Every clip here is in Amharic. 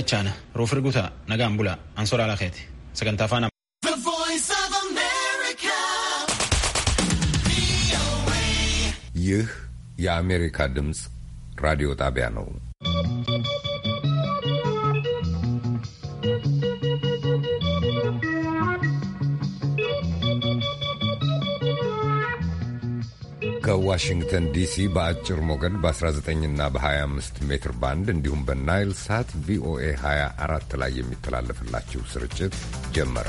Echana, Rufriguta, Nagambula, Ansora la gente. Secantafana. The Voice of America. ይህ የአሜሪካ ድምፅ ራዲዮ ጣቢያ ነው። ከዋሽንግተን ዲሲ በአጭር ሞገድ በ19ና በ25 ሜትር ባንድ እንዲሁም በናይል ሳት ቪኦኤ 24 ላይ የሚተላለፍላችሁ ስርጭት ጀመረ።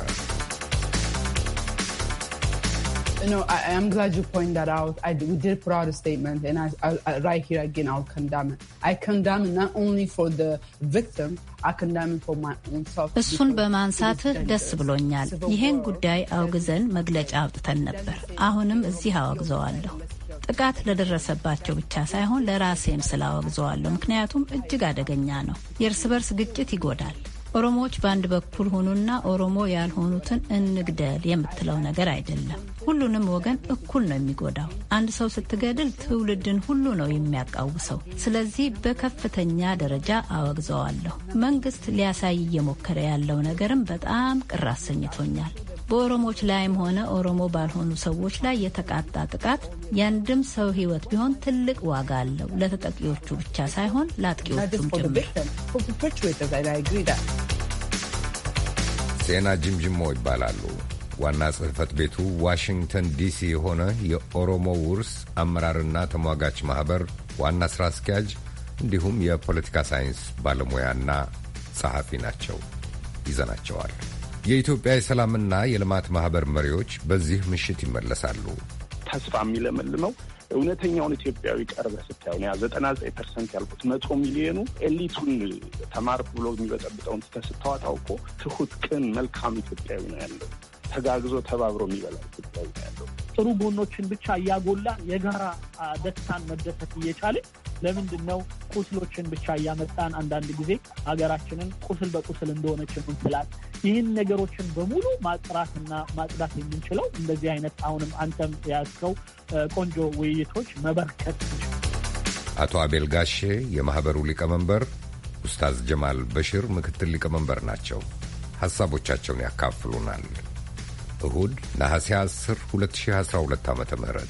እሱን በማንሳት ደስ ብሎኛል። ይህን ጉዳይ አውግዘን መግለጫ አውጥተን ነበር። አሁንም እዚህ አወግዘዋለሁ። ጥቃት ለደረሰባቸው ብቻ ሳይሆን ለራሴም ስላወግዘዋለሁ። ምክንያቱም እጅግ አደገኛ ነው። የእርስ በርስ ግጭት ይጎዳል። ኦሮሞዎች በአንድ በኩል ሆኑና ኦሮሞ ያልሆኑትን እንግደል የምትለው ነገር አይደለም። ሁሉንም ወገን እኩል ነው የሚጎዳው። አንድ ሰው ስትገድል ትውልድን ሁሉ ነው የሚያቃውሰው። ስለዚህ በከፍተኛ ደረጃ አወግዘዋለሁ። መንግስት ሊያሳይ እየሞከረ ያለው ነገርም በጣም ቅር አሰኝቶኛል። በኦሮሞዎች ላይም ሆነ ኦሮሞ ባልሆኑ ሰዎች ላይ የተቃጣ ጥቃት የአንድም ሰው ሕይወት ቢሆን ትልቅ ዋጋ አለው፣ ለተጠቂዎቹ ብቻ ሳይሆን ለአጥቂዎቹም ጭምር። ዜና ጅምጅሞ ይባላሉ። ዋና ጽህፈት ቤቱ ዋሽንግተን ዲሲ የሆነ የኦሮሞ ውርስ አመራርና ተሟጋች ማኅበር ዋና ሥራ አስኪያጅ እንዲሁም የፖለቲካ ሳይንስ ባለሙያና ጸሐፊ ናቸው። ይዘናቸዋል። የኢትዮጵያ የሰላምና የልማት ማህበር መሪዎች በዚህ ምሽት ይመለሳሉ። ተስፋ የሚለመልመው እውነተኛውን ኢትዮጵያዊ ቀርበ ስታየው ያ ዘጠና ዘጠኝ ፐርሰንት ያልኩት መቶ ሚሊዮኑ ኤሊቱን ተማርኩ ብሎ የሚበጠብጠውን ትተህ ስታወጣው እኮ ትሁት፣ ቅን፣ መልካም ኢትዮጵያዊ ነው ያለው። ተጋግዞ ተባብሮ የሚበላ ኢትዮጵያዊ ነው ያለው። ጥሩ ጎኖችን ብቻ እያጎላን የጋራ ደስታን መደሰት እየቻልን ለምንድን ነው ቁስሎችን ብቻ እያመጣን አንዳንድ ጊዜ ሀገራችንን ቁስል በቁስል እንደሆነች ምንስላል? ይህን ነገሮችን በሙሉ ማጥራትና ማጽዳት የምንችለው እንደዚህ አይነት አሁንም አንተም የያዝከው ቆንጆ ውይይቶች መበርከት አቶ አቤል ጋሼ የማኅበሩ ሊቀመንበር፣ ኡስታዝ ጀማል በሽር ምክትል ሊቀመንበር ናቸው። ሐሳቦቻቸውን ያካፍሉናል። እሁድ ነሐሴ 10 2012 ዓ ም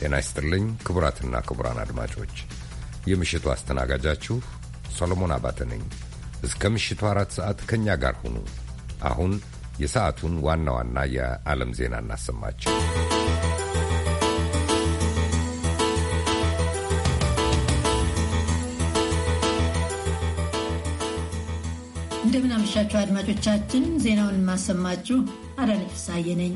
ጤና ይስጥልኝ ክቡራትና ክቡራን አድማጮች የምሽቱ አስተናጋጃችሁ ሰሎሞን አባተ ነኝ። እስከ ምሽቱ አራት ሰዓት ከእኛ ጋር ሁኑ። አሁን የሰዓቱን ዋና ዋና የዓለም ዜና እናሰማችሁ። እንደምን አመሻችሁ አድማጮቻችን። ዜናውን የማሰማችሁ አዳነች ፍስሐዬ ነኝ።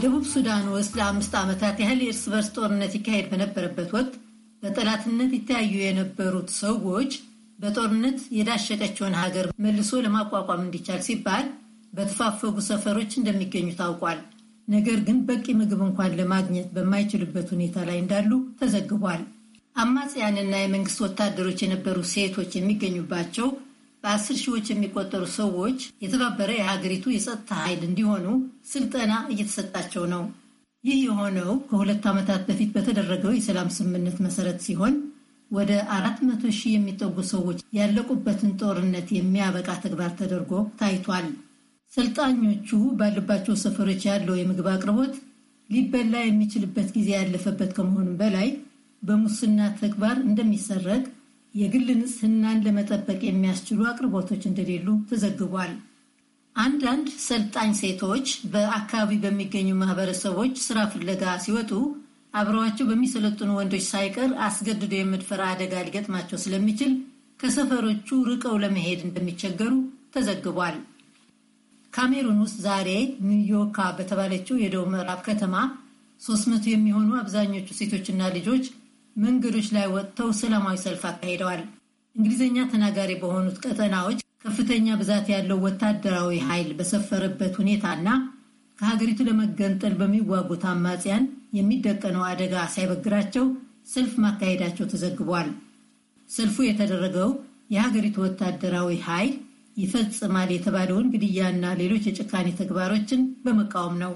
ደቡብ ሱዳን ውስጥ ለአምስት ዓመታት ያህል የእርስ በርስ ጦርነት ይካሄድ በነበረበት ወቅት በጠላትነት ይተያዩ የነበሩት ሰዎች በጦርነት የዳሸቀችውን ሀገር መልሶ ለማቋቋም እንዲቻል ሲባል በተፋፈጉ ሰፈሮች እንደሚገኙ ታውቋል። ነገር ግን በቂ ምግብ እንኳን ለማግኘት በማይችሉበት ሁኔታ ላይ እንዳሉ ተዘግቧል። አማጽያንና የመንግስት ወታደሮች የነበሩ ሴቶች የሚገኙባቸው በአስር ሺዎች የሚቆጠሩ ሰዎች የተባበረ የሀገሪቱ የጸጥታ ኃይል እንዲሆኑ ስልጠና እየተሰጣቸው ነው። ይህ የሆነው ከሁለት ዓመታት በፊት በተደረገው የሰላም ስምምነት መሰረት ሲሆን ወደ አራት መቶ ሺህ የሚጠጉ ሰዎች ያለቁበትን ጦርነት የሚያበቃ ተግባር ተደርጎ ታይቷል። ሰልጣኞቹ ባለባቸው ሰፈሮች ያለው የምግብ አቅርቦት ሊበላ የሚችልበት ጊዜ ያለፈበት ከመሆኑም በላይ በሙስና ተግባር እንደሚሰረግ የግል ንጽህናን ለመጠበቅ የሚያስችሉ አቅርቦቶች እንደሌሉ ተዘግቧል። አንዳንድ ሰልጣኝ ሴቶች በአካባቢ በሚገኙ ማህበረሰቦች ስራ ፍለጋ ሲወጡ አብረዋቸው በሚሰለጥኑ ወንዶች ሳይቀር አስገድዶ የመድፈር አደጋ ሊገጥማቸው ስለሚችል ከሰፈሮቹ ርቀው ለመሄድ እንደሚቸገሩ ተዘግቧል። ካሜሩን ውስጥ ዛሬ ኒውዮርካ በተባለችው የደቡብ ምዕራብ ከተማ 300 የሚሆኑ አብዛኞቹ ሴቶችና ልጆች መንገዶች ላይ ወጥተው ሰላማዊ ሰልፍ አካሂደዋል። እንግሊዝኛ ተናጋሪ በሆኑት ቀጠናዎች ከፍተኛ ብዛት ያለው ወታደራዊ ኃይል በሰፈረበት ሁኔታና ከሀገሪቱ ለመገንጠል በሚዋጉት አማጽያን የሚደቀነው አደጋ ሳይበግራቸው ሰልፍ ማካሄዳቸው ተዘግቧል። ሰልፉ የተደረገው የሀገሪቱ ወታደራዊ ኃይል ይፈጽማል የተባለውን ግድያና ሌሎች የጭካኔ ተግባሮችን በመቃወም ነው።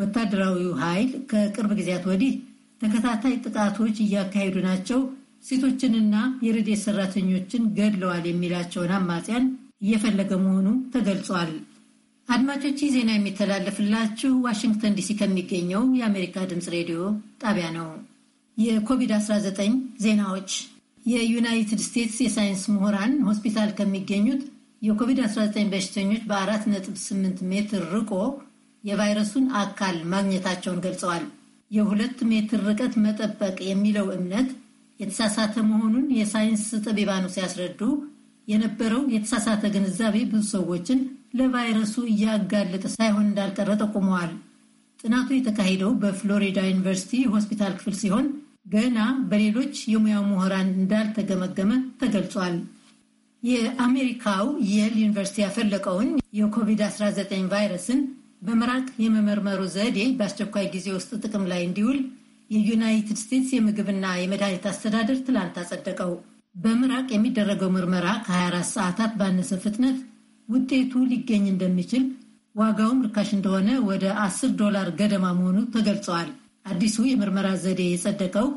ወታደራዊው ኃይል ከቅርብ ጊዜያት ወዲህ ተከታታይ ጥቃቶች እያካሄዱ ናቸው፣ ሴቶችንና የረዴት ሰራተኞችን ገድለዋል የሚላቸውን አማጽያን እየፈለገ መሆኑ ተገልጿል። አድማጮች፣ ይህ ዜና የሚተላለፍላችሁ ዋሽንግተን ዲሲ ከሚገኘው የአሜሪካ ድምፅ ሬዲዮ ጣቢያ ነው። የኮቪድ-19 ዜናዎች የዩናይትድ ስቴትስ የሳይንስ ምሁራን ሆስፒታል ከሚገኙት የኮቪድ-19 በሽተኞች በ4.8 ሜትር ርቆ የቫይረሱን አካል ማግኘታቸውን ገልጸዋል። የሁለት ሜትር ርቀት መጠበቅ የሚለው እምነት የተሳሳተ መሆኑን የሳይንስ ጠቢባኑ ሲያስረዱ የነበረው የተሳሳተ ግንዛቤ ብዙ ሰዎችን ለቫይረሱ እያጋለጠ ሳይሆን እንዳልቀረ ጠቁመዋል። ጥናቱ የተካሄደው በፍሎሪዳ ዩኒቨርሲቲ ሆስፒታል ክፍል ሲሆን ገና በሌሎች የሙያ ምሁራን እንዳልተገመገመ ተገልጿል። የአሜሪካው የል ዩኒቨርሲቲ ያፈለቀውን የኮቪድ-19 ቫይረስን በምራቅ የመመርመሩ ዘዴ በአስቸኳይ ጊዜ ውስጥ ጥቅም ላይ እንዲውል የዩናይትድ ስቴትስ የምግብና የመድኃኒት አስተዳደር ትላንት አጸደቀው። በምራቅ የሚደረገው ምርመራ ከ24 ሰዓታት ባነሰ ፍጥነት ውጤቱ ሊገኝ እንደሚችል ዋጋውም ርካሽ እንደሆነ ወደ 10 ዶላር ገደማ መሆኑ ተገልጸዋል። አዲሱ የምርመራ ዘዴ የጸደቀው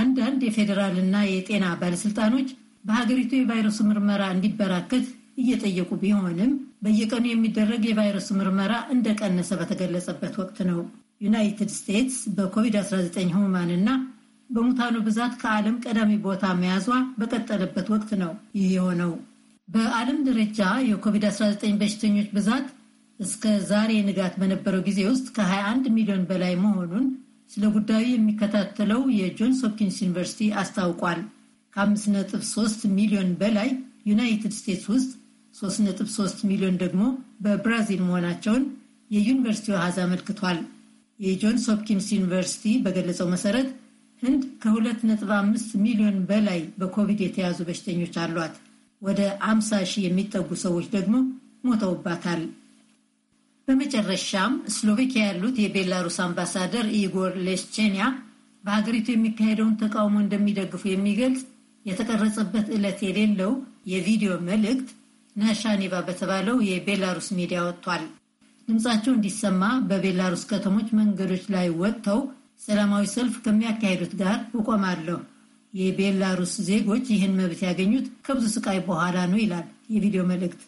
አንዳንድ የፌዴራልና የጤና ባለስልጣኖች በሀገሪቱ የቫይረሱ ምርመራ እንዲበራከት እየጠየቁ ቢሆንም በየቀኑ የሚደረግ የቫይረሱ ምርመራ እንደቀነሰ በተገለጸበት ወቅት ነው። ዩናይትድ ስቴትስ በኮቪድ-19 ህሙማንና በሙታኑ ብዛት ከዓለም ቀዳሚ ቦታ መያዟ በቀጠለበት ወቅት ነው ይህ የሆነው። በዓለም ደረጃ የኮቪድ-19 በሽተኞች ብዛት እስከ ዛሬ ንጋት በነበረው ጊዜ ውስጥ ከ21 ሚሊዮን በላይ መሆኑን ስለ ጉዳዩ የሚከታተለው የጆንስ ሆፕኪንስ ዩኒቨርሲቲ አስታውቋል። ከ5.3 ሚሊዮን በላይ ዩናይትድ ስቴትስ ውስጥ 3.3 ሚሊዮን ደግሞ በብራዚል መሆናቸውን የዩኒቨርሲቲው አሃዝ አመልክቷል። የጆንስ ሆፕኪንስ ዩኒቨርሲቲ በገለጸው መሰረት ህንድ ከ2.5 ሚሊዮን በላይ በኮቪድ የተያዙ በሽተኞች አሏት። ወደ 50 ሺህ የሚጠጉ ሰዎች ደግሞ ሞተውባታል። በመጨረሻም ስሎቬኪያ ያሉት የቤላሩስ አምባሳደር ኢጎር ሌስቼንያ በሀገሪቱ የሚካሄደውን ተቃውሞ እንደሚደግፉ የሚገልጽ የተቀረጸበት ዕለት የሌለው የቪዲዮ መልእክት ናሻኒቫ በተባለው የቤላሩስ ሚዲያ ወጥቷል። ድምፃቸው እንዲሰማ በቤላሩስ ከተሞች መንገዶች ላይ ወጥተው ሰላማዊ ሰልፍ ከሚያካሂዱት ጋር እቆማለሁ። የቤላሩስ ዜጎች ይህን መብት ያገኙት ከብዙ ስቃይ በኋላ ነው ይላል የቪዲዮ መልእክት።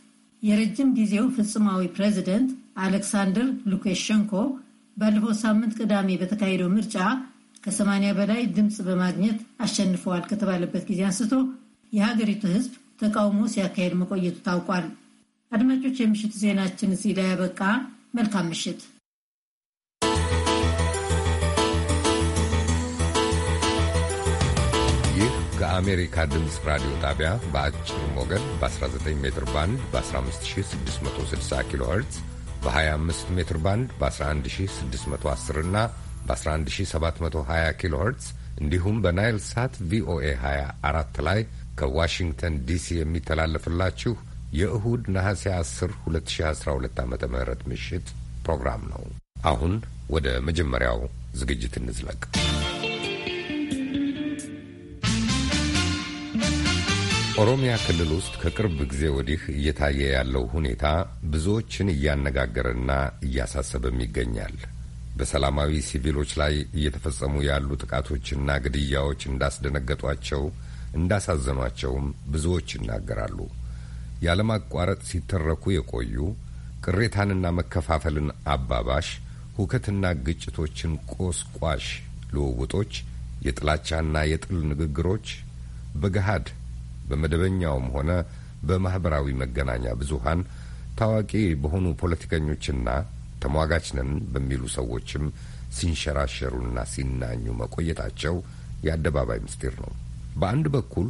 የረጅም ጊዜው ፍጽማዊ ፕሬዚደንት አሌክሳንደር ሉካሼንኮ ባለፈው ሳምንት ቅዳሜ በተካሄደው ምርጫ ከ80 በላይ ድምፅ በማግኘት አሸንፈዋል ከተባለበት ጊዜ አንስቶ የሀገሪቱ ሕዝብ ተቃውሞ ሲያካሄድ መቆየቱ ታውቋል። አድማጮች፣ የምሽት ዜናችን እዚህ ላይ ያበቃ። መልካም ምሽት። ይህ ከአሜሪካ ድምፅ ራዲዮ ጣቢያ በአጭር ሞገድ በ19 ሜትር ባንድ በ15660 ኪሎ ኸርትዝ በ25 ሜትር ባንድ በ11610 እና በ11720 ኪሎ ኸርትዝ እንዲሁም በናይል ሳት ቪኦኤ 24 ላይ ከዋሽንግተን ዲሲ የሚተላለፍላችሁ የእሁድ ነሐሴ 10 2012 ዓ ም ምሽት ፕሮግራም ነው። አሁን ወደ መጀመሪያው ዝግጅት እንዝለቅ። ኦሮሚያ ክልል ውስጥ ከቅርብ ጊዜ ወዲህ እየታየ ያለው ሁኔታ ብዙዎችን እያነጋገረና እያሳሰበም ይገኛል። በሰላማዊ ሲቪሎች ላይ እየተፈጸሙ ያሉ ጥቃቶችና ግድያዎች እንዳስደነገጧቸው እንዳሳዘኗቸውም ብዙዎች ይናገራሉ። ያለማቋረጥ ሲተረኩ የቆዩ ቅሬታንና መከፋፈልን አባባሽ፣ ሁከትና ግጭቶችን ቆስቋሽ ልውውጦች፣ የጥላቻና የጥል ንግግሮች በገሃድ በመደበኛውም ሆነ በማኅበራዊ መገናኛ ብዙሃን ታዋቂ በሆኑ ፖለቲከኞችና ተሟጋች ነን በሚሉ ሰዎችም ሲንሸራሸሩና ሲናኙ መቆየታቸው የአደባባይ ምስጢር ነው። በአንድ በኩል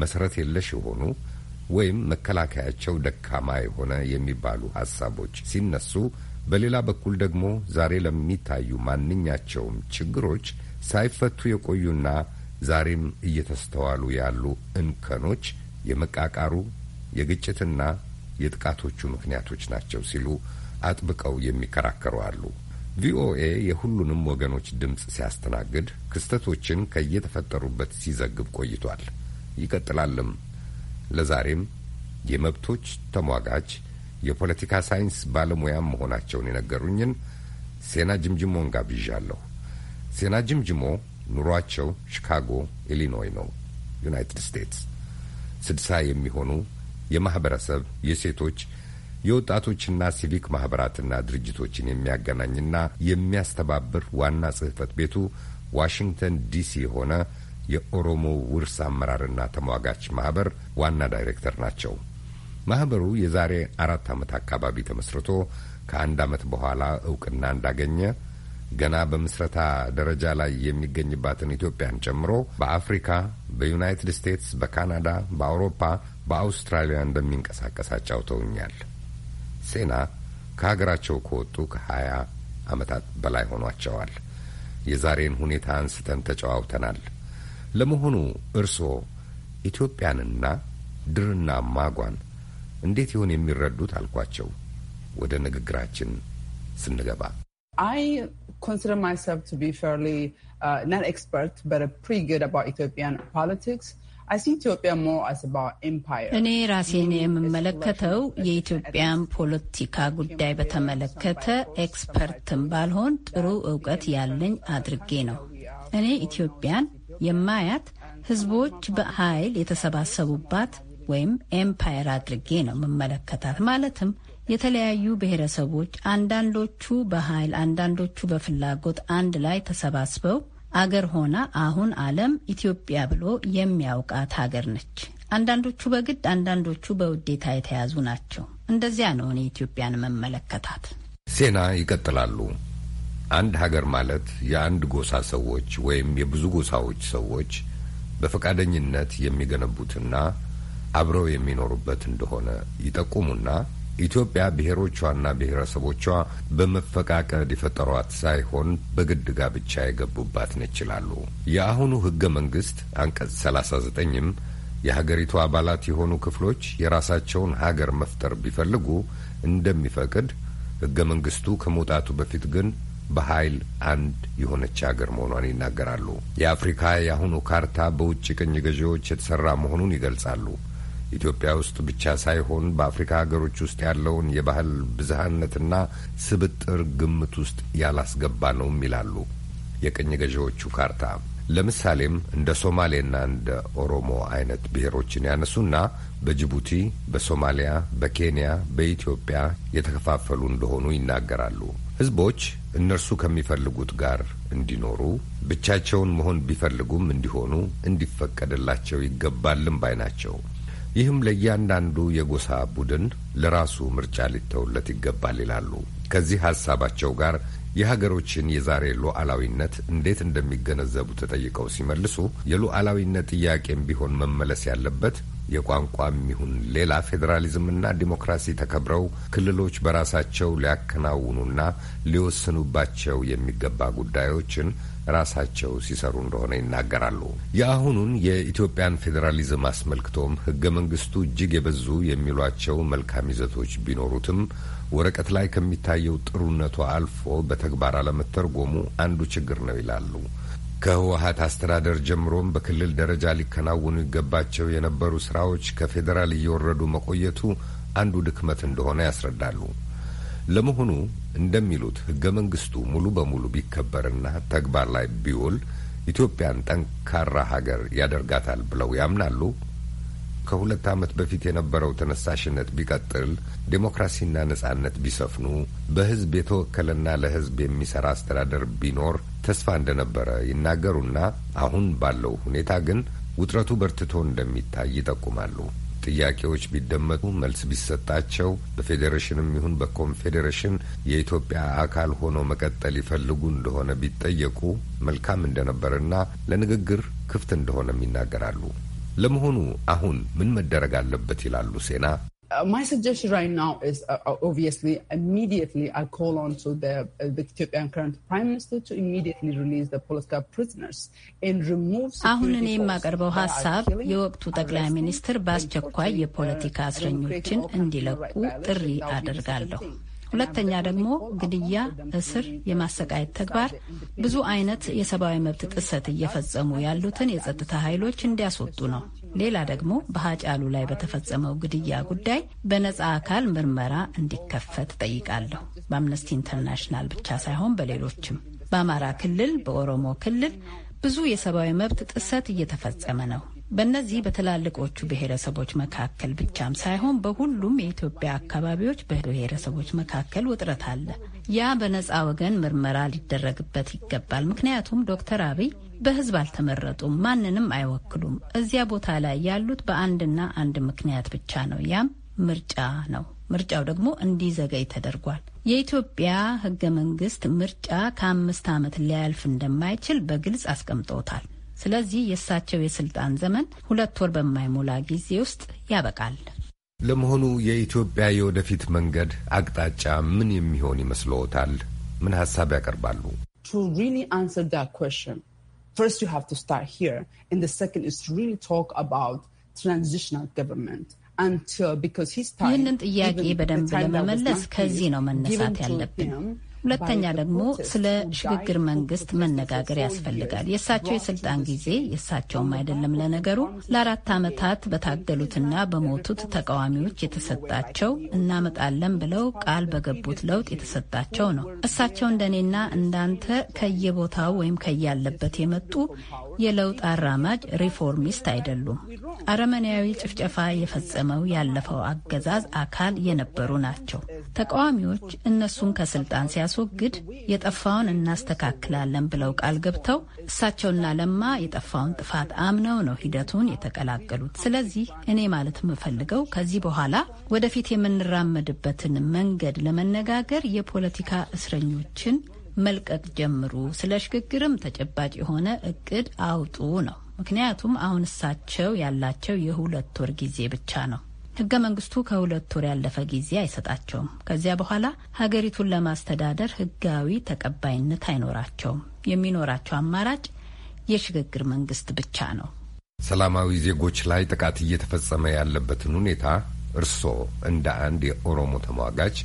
መሰረት የለሽ የሆኑ ወይም መከላከያቸው ደካማ የሆነ የሚባሉ ሀሳቦች ሲነሱ፣ በሌላ በኩል ደግሞ ዛሬ ለሚታዩ ማንኛቸውም ችግሮች ሳይፈቱ የቆዩና ዛሬም እየተስተዋሉ ያሉ እንከኖች የመቃቃሩ የግጭትና የጥቃቶቹ ምክንያቶች ናቸው ሲሉ አጥብቀው የሚከራከሩ አሉ። ቪኦኤ የሁሉንም ወገኖች ድምፅ ሲያስተናግድ ክስተቶችን ከየተፈጠሩበት ሲዘግብ ቆይቷል። ይቀጥላልም። ለዛሬም የመብቶች ተሟጋች የፖለቲካ ሳይንስ ባለሙያም መሆናቸውን የነገሩኝን ሴና ጅምጅሞን ጋብዣለሁ። ሴና ጅምጅሞ ኑሯቸው ሺካጎ ኢሊኖይ ነው፣ ዩናይትድ ስቴትስ። ስድሳ የሚሆኑ የማኅበረሰብ የሴቶች የወጣቶችና ሲቪክ ማኅበራትና ድርጅቶችን የሚያገናኝና የሚያስተባብር ዋና ጽሕፈት ቤቱ ዋሽንግተን ዲሲ የሆነ የኦሮሞ ውርስ አመራርና ተሟጋች ማኅበር ዋና ዳይሬክተር ናቸው። ማኅበሩ የዛሬ አራት ዓመት አካባቢ ተመስርቶ ከአንድ ዓመት በኋላ እውቅና እንዳገኘ ገና በምስረታ ደረጃ ላይ የሚገኝባትን ኢትዮጵያን ጨምሮ በአፍሪካ፣ በዩናይትድ ስቴትስ፣ በካናዳ፣ በአውሮፓ፣ በአውስትራሊያ እንደሚንቀሳቀስ አጫውተውኛል። ሴና ከሀገራቸው ከወጡ ከሀያ ዓመታት በላይ ሆኗቸዋል። የዛሬን ሁኔታ አንስተን ተጨዋውተናል። ለመሆኑ እርስዎ ኢትዮጵያንና ድርና ማጓን እንዴት ይሆን የሚረዱት አልኳቸው። ወደ ንግግራችን ስንገባ አይ ኮንሲደር ማይሰልፍ ቱ ቢ ፌርሊ ናት ኤክስፐርት በት ፕሪ ጉድ አባውት ኢትዮጵያን ፖለቲክስ እኔ ራሴን የምመለከተው የኢትዮጵያን ፖለቲካ ጉዳይ በተመለከተ ኤክስፐርትም ባልሆን ጥሩ እውቀት ያለኝ አድርጌ ነው። እኔ ኢትዮጵያን የማያት ህዝቦች በኃይል የተሰባሰቡባት ወይም ኤምፓየር አድርጌ ነው የምመለከታት። ማለትም የተለያዩ ብሔረሰቦች አንዳንዶቹ በኃይል አንዳንዶቹ በፍላጎት አንድ ላይ ተሰባስበው አገር ሆና አሁን ዓለም ኢትዮጵያ ብሎ የሚያውቃት ሀገር ነች። አንዳንዶቹ በግድ አንዳንዶቹ በውዴታ የተያዙ ናቸው። እንደዚያ ነው እኔ ኢትዮጵያን መመለከታት። ሴና ይቀጥላሉ። አንድ ሀገር ማለት የአንድ ጎሳ ሰዎች ወይም የብዙ ጎሳዎች ሰዎች በፈቃደኝነት የሚገነቡትና አብረው የሚኖሩበት እንደሆነ ይጠቁሙና ኢትዮጵያ ብሔሮቿና ብሔረሰቦቿ በመፈቃቀድ የፈጠሯት ሳይሆን በግድ ጋብቻ የገቡባት ነች ይላሉ። የአሁኑ ህገ መንግስት አንቀጽ 39ም የሀገሪቱ አባላት የሆኑ ክፍሎች የራሳቸውን ሀገር መፍጠር ቢፈልጉ እንደሚፈቅድ፣ ህገ መንግስቱ ከመውጣቱ በፊት ግን በኃይል አንድ የሆነች ሀገር መሆኗን ይናገራሉ። የአፍሪካ የአሁኑ ካርታ በውጭ ቅኝ ገዢዎች የተሰራ መሆኑን ይገልጻሉ። ኢትዮጵያ ውስጥ ብቻ ሳይሆን በአፍሪካ ሀገሮች ውስጥ ያለውን የባህል ብዝሃነትና ስብጥር ግምት ውስጥ ያላስገባ ነውም ይላሉ የቅኝ ገዢዎቹ ካርታ። ለምሳሌም እንደ ሶማሌና እንደ ኦሮሞ አይነት ብሔሮችን ያነሱና በጅቡቲ፣ በሶማሊያ፣ በኬንያ፣ በኢትዮጵያ የተከፋፈሉ እንደሆኑ ይናገራሉ። ህዝቦች እነርሱ ከሚፈልጉት ጋር እንዲኖሩ ብቻቸውን መሆን ቢፈልጉም እንዲሆኑ እንዲፈቀድላቸው ይገባልም ባይ ናቸው። ይህም ለእያንዳንዱ የጎሳ ቡድን ለራሱ ምርጫ ሊተውለት ይገባል ይላሉ። ከዚህ ሀሳባቸው ጋር የሀገሮችን የዛሬ ሉዓላዊነት እንዴት እንደሚገነዘቡ ተጠይቀው ሲመልሱ የሉዓላዊነት ጥያቄም ቢሆን መመለስ ያለበት የቋንቋም ይሁን ሌላ ፌዴራሊዝምና ዲሞክራሲ ተከብረው ክልሎች በራሳቸው ሊያከናውኑና ሊወስኑባቸው የሚገባ ጉዳዮችን ራሳቸው ሲሰሩ እንደሆነ ይናገራሉ። የአሁኑን የኢትዮጵያን ፌዴራሊዝም አስመልክቶም ህገ መንግስቱ እጅግ የበዙ የሚሏቸው መልካም ይዘቶች ቢኖሩትም ወረቀት ላይ ከሚታየው ጥሩነቱ አልፎ በተግባር አለመተርጎሙ አንዱ ችግር ነው ይላሉ። ከህወሀት አስተዳደር ጀምሮም በክልል ደረጃ ሊከናወኑ ይገባቸው የነበሩ ስራዎች ከፌዴራል እየወረዱ መቆየቱ አንዱ ድክመት እንደሆነ ያስረዳሉ። ለመሆኑ እንደሚሉት ህገ መንግስቱ ሙሉ በሙሉ ቢከበርና ተግባር ላይ ቢውል ኢትዮጵያን ጠንካራ ሀገር ያደርጋታል ብለው ያምናሉ? ከሁለት ዓመት በፊት የነበረው ተነሳሽነት ቢቀጥል፣ ዴሞክራሲና ነጻነት ቢሰፍኑ፣ በህዝብ የተወከለና ለህዝብ የሚሰራ አስተዳደር ቢኖር ተስፋ እንደነበረ ይናገሩና አሁን ባለው ሁኔታ ግን ውጥረቱ በርትቶ እንደሚታይ ይጠቁማሉ። ጥያቄዎች ቢደመጡ መልስ ቢሰጣቸው በፌዴሬሽንም ይሁን በኮንፌዴሬሽን የኢትዮጵያ አካል ሆኖ መቀጠል ይፈልጉ እንደሆነ ቢጠየቁ መልካም እንደነበርና ለንግግር ክፍት እንደሆነም ይናገራሉ። ለመሆኑ አሁን ምን መደረግ አለበት ይላሉ ሴና? Uh, my suggestion right now is uh, obviously immediately I call on to the, uh, the Ethiopian current prime minister to immediately release the political prisoners and remove አሁን እኔ የማቀርበው ሀሳብ የወቅቱ ጠቅላይ ሚኒስትር በአስቸኳይ የፖለቲካ እስረኞችን እንዲለቁ ጥሪ አደርጋለሁ። ሁለተኛ ደግሞ ግድያ፣ እስር፣ የማሰቃየት ተግባር፣ ብዙ አይነት የሰብአዊ መብት ጥሰት እየፈጸሙ ያሉትን የጸጥታ ኃይሎች እንዲያስወጡ ነው። ሌላ ደግሞ በሀጫሉ ላይ በተፈጸመው ግድያ ጉዳይ በነጻ አካል ምርመራ እንዲከፈት ጠይቃለሁ። በአምነስቲ ኢንተርናሽናል ብቻ ሳይሆን በሌሎችም በአማራ ክልል፣ በኦሮሞ ክልል ብዙ የሰብአዊ መብት ጥሰት እየተፈጸመ ነው። በእነዚህ በትላልቆቹ ብሔረሰቦች መካከል ብቻም ሳይሆን በሁሉም የኢትዮጵያ አካባቢዎች በብሔረሰቦች መካከል ውጥረት አለ። ያ በነፃ ወገን ምርመራ ሊደረግበት ይገባል። ምክንያቱም ዶክተር አብይ በህዝብ አልተመረጡም፣ ማንንም አይወክሉም። እዚያ ቦታ ላይ ያሉት በአንድና አንድ ምክንያት ብቻ ነው፣ ያም ምርጫ ነው። ምርጫው ደግሞ እንዲዘገይ ተደርጓል። የኢትዮጵያ ህገ መንግስት ምርጫ ከአምስት ዓመት ሊያልፍ እንደማይችል በግልጽ አስቀምጦታል። ስለዚህ የእሳቸው የስልጣን ዘመን ሁለት ወር በማይሞላ ጊዜ ውስጥ ያበቃል። ለመሆኑ የኢትዮጵያ የወደፊት መንገድ አቅጣጫ ምን የሚሆን ይመስልዎታል? ምን ሀሳብ ያቀርባሉ? ይህንን ጥያቄ በደንብ ለመመለስ ከዚህ ነው መነሳት ያለብን። ሁለተኛ ደግሞ ስለ ሽግግር መንግስት መነጋገር ያስፈልጋል። የእሳቸው የስልጣን ጊዜ የእሳቸውም አይደለም ለነገሩ ለአራት ዓመታት በታገሉትና በሞቱት ተቃዋሚዎች የተሰጣቸው እናመጣለን ብለው ቃል በገቡት ለውጥ የተሰጣቸው ነው። እሳቸው እንደኔና እንዳንተ ከየቦታው ወይም ከያለበት የመጡ የለውጥ አራማጅ ሪፎርሚስት አይደሉም። አረመኔያዊ ጭፍጨፋ የፈጸመው ያለፈው አገዛዝ አካል የነበሩ ናቸው። ተቃዋሚዎች እነሱን ከስልጣን ሲያ ስናስወግድ የጠፋውን እናስተካክላለን ብለው ቃል ገብተው እሳቸውና ለማ የጠፋውን ጥፋት አምነው ነው ሂደቱን የተቀላቀሉት። ስለዚህ እኔ ማለት የምፈልገው ከዚህ በኋላ ወደፊት የምንራመድበትን መንገድ ለመነጋገር የፖለቲካ እስረኞችን መልቀቅ ጀምሩ፣ ስለ ሽግግርም ተጨባጭ የሆነ እቅድ አውጡ ነው። ምክንያቱም አሁን እሳቸው ያላቸው የሁለት ወር ጊዜ ብቻ ነው። ህገ መንግስቱ ከሁለት ወር ያለፈ ጊዜ አይሰጣቸውም። ከዚያ በኋላ ሀገሪቱን ለማስተዳደር ህጋዊ ተቀባይነት አይኖራቸውም። የሚኖራቸው አማራጭ የሽግግር መንግስት ብቻ ነው። ሰላማዊ ዜጎች ላይ ጥቃት እየተፈጸመ ያለበትን ሁኔታ እርስዎ እንደ አንድ የኦሮሞ ተሟጋች፣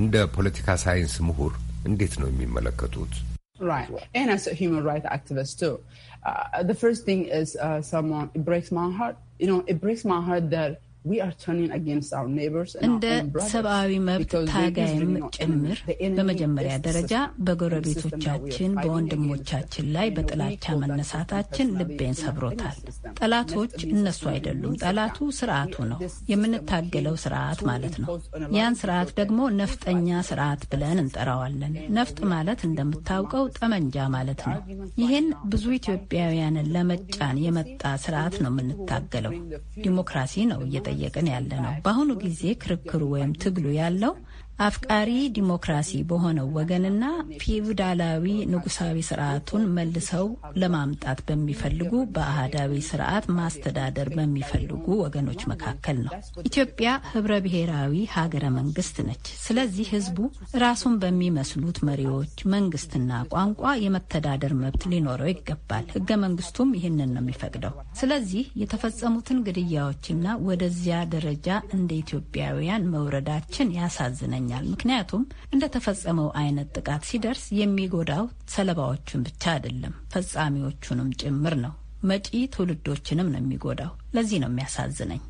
እንደ ፖለቲካ ሳይንስ ምሁር እንዴት ነው የሚመለከቱት? እንደ ሰብአዊ መብት ታጋይም ጭምር በመጀመሪያ ደረጃ በጎረቤቶቻችን በወንድሞቻችን ላይ በጥላቻ መነሳታችን ልቤን ሰብሮታል። ጠላቶች እነሱ አይደሉም። ጠላቱ ስርዓቱ ነው፣ የምንታገለው ስርዓት ማለት ነው። ያን ስርዓት ደግሞ ነፍጠኛ ስርዓት ብለን እንጠራዋለን። ነፍጥ ማለት እንደምታውቀው ጠመንጃ ማለት ነው። ይህን ብዙ ኢትዮጵያውያንን ለመጫን የመጣ ስርዓት ነው የምንታገለው። ዲሞክራሲ ነው እየጠ እየጠየቅን ያለ ነው። በአሁኑ ጊዜ ክርክሩ ወይም ትግሉ ያለው አፍቃሪ ዲሞክራሲ በሆነው ወገንና ፊውዳላዊ ንጉሳዊ ስርዓቱን መልሰው ለማምጣት በሚፈልጉ በአህዳዊ ስርዓት ማስተዳደር በሚፈልጉ ወገኖች መካከል ነው። ኢትዮጵያ ህብረ ብሔራዊ ሀገረ መንግስት ነች። ስለዚህ ህዝቡ ራሱን በሚመስሉት መሪዎች፣ መንግስትና ቋንቋ የመተዳደር መብት ሊኖረው ይገባል። ህገ መንግስቱም ይህንን ነው የሚፈቅደው። ስለዚህ የተፈጸሙትን ግድያዎችና ወደዚያ ደረጃ እንደ ኢትዮጵያውያን መውረዳችን ያሳዝነኛል። ይመስለኛል። ምክንያቱም እንደተፈጸመው አይነት ጥቃት ሲደርስ የሚጎዳው ሰለባዎቹን ብቻ አይደለም፣ ፈጻሚዎቹንም ጭምር ነው። መጪ ትውልዶችንም ነው የሚጎዳው። ለዚህ ነው የሚያሳዝነኝ።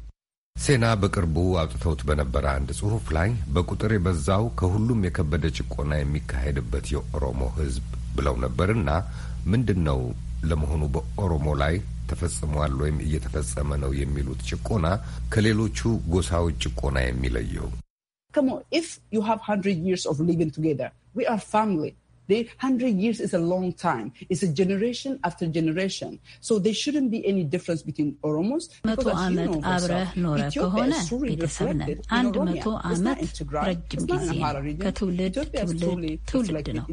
ሴና በቅርቡ አውጥተውት በነበረ አንድ ጽሑፍ ላይ በቁጥር የበዛው ከሁሉም የከበደ ጭቆና የሚካሄድበት የኦሮሞ ሕዝብ ብለው ነበርና ምንድን ነው ለመሆኑ በኦሮሞ ላይ ተፈጽሟል ወይም እየተፈጸመ ነው የሚሉት ጭቆና ከሌሎቹ ጎሳዎች ጭቆና የሚለየው? Come on, if you have 100 years of living together, we are family. They, 100 years is a long time. It's a generation after generation. So there shouldn't be any difference between Oromos. መቶ ዓመት አብረህ ኖረ ከሆነ ቤተሰብ ነን። አንድ መቶ ዓመት ረጅም ጊዜ ከትውልድ ትውልድ ትውልድ ነው።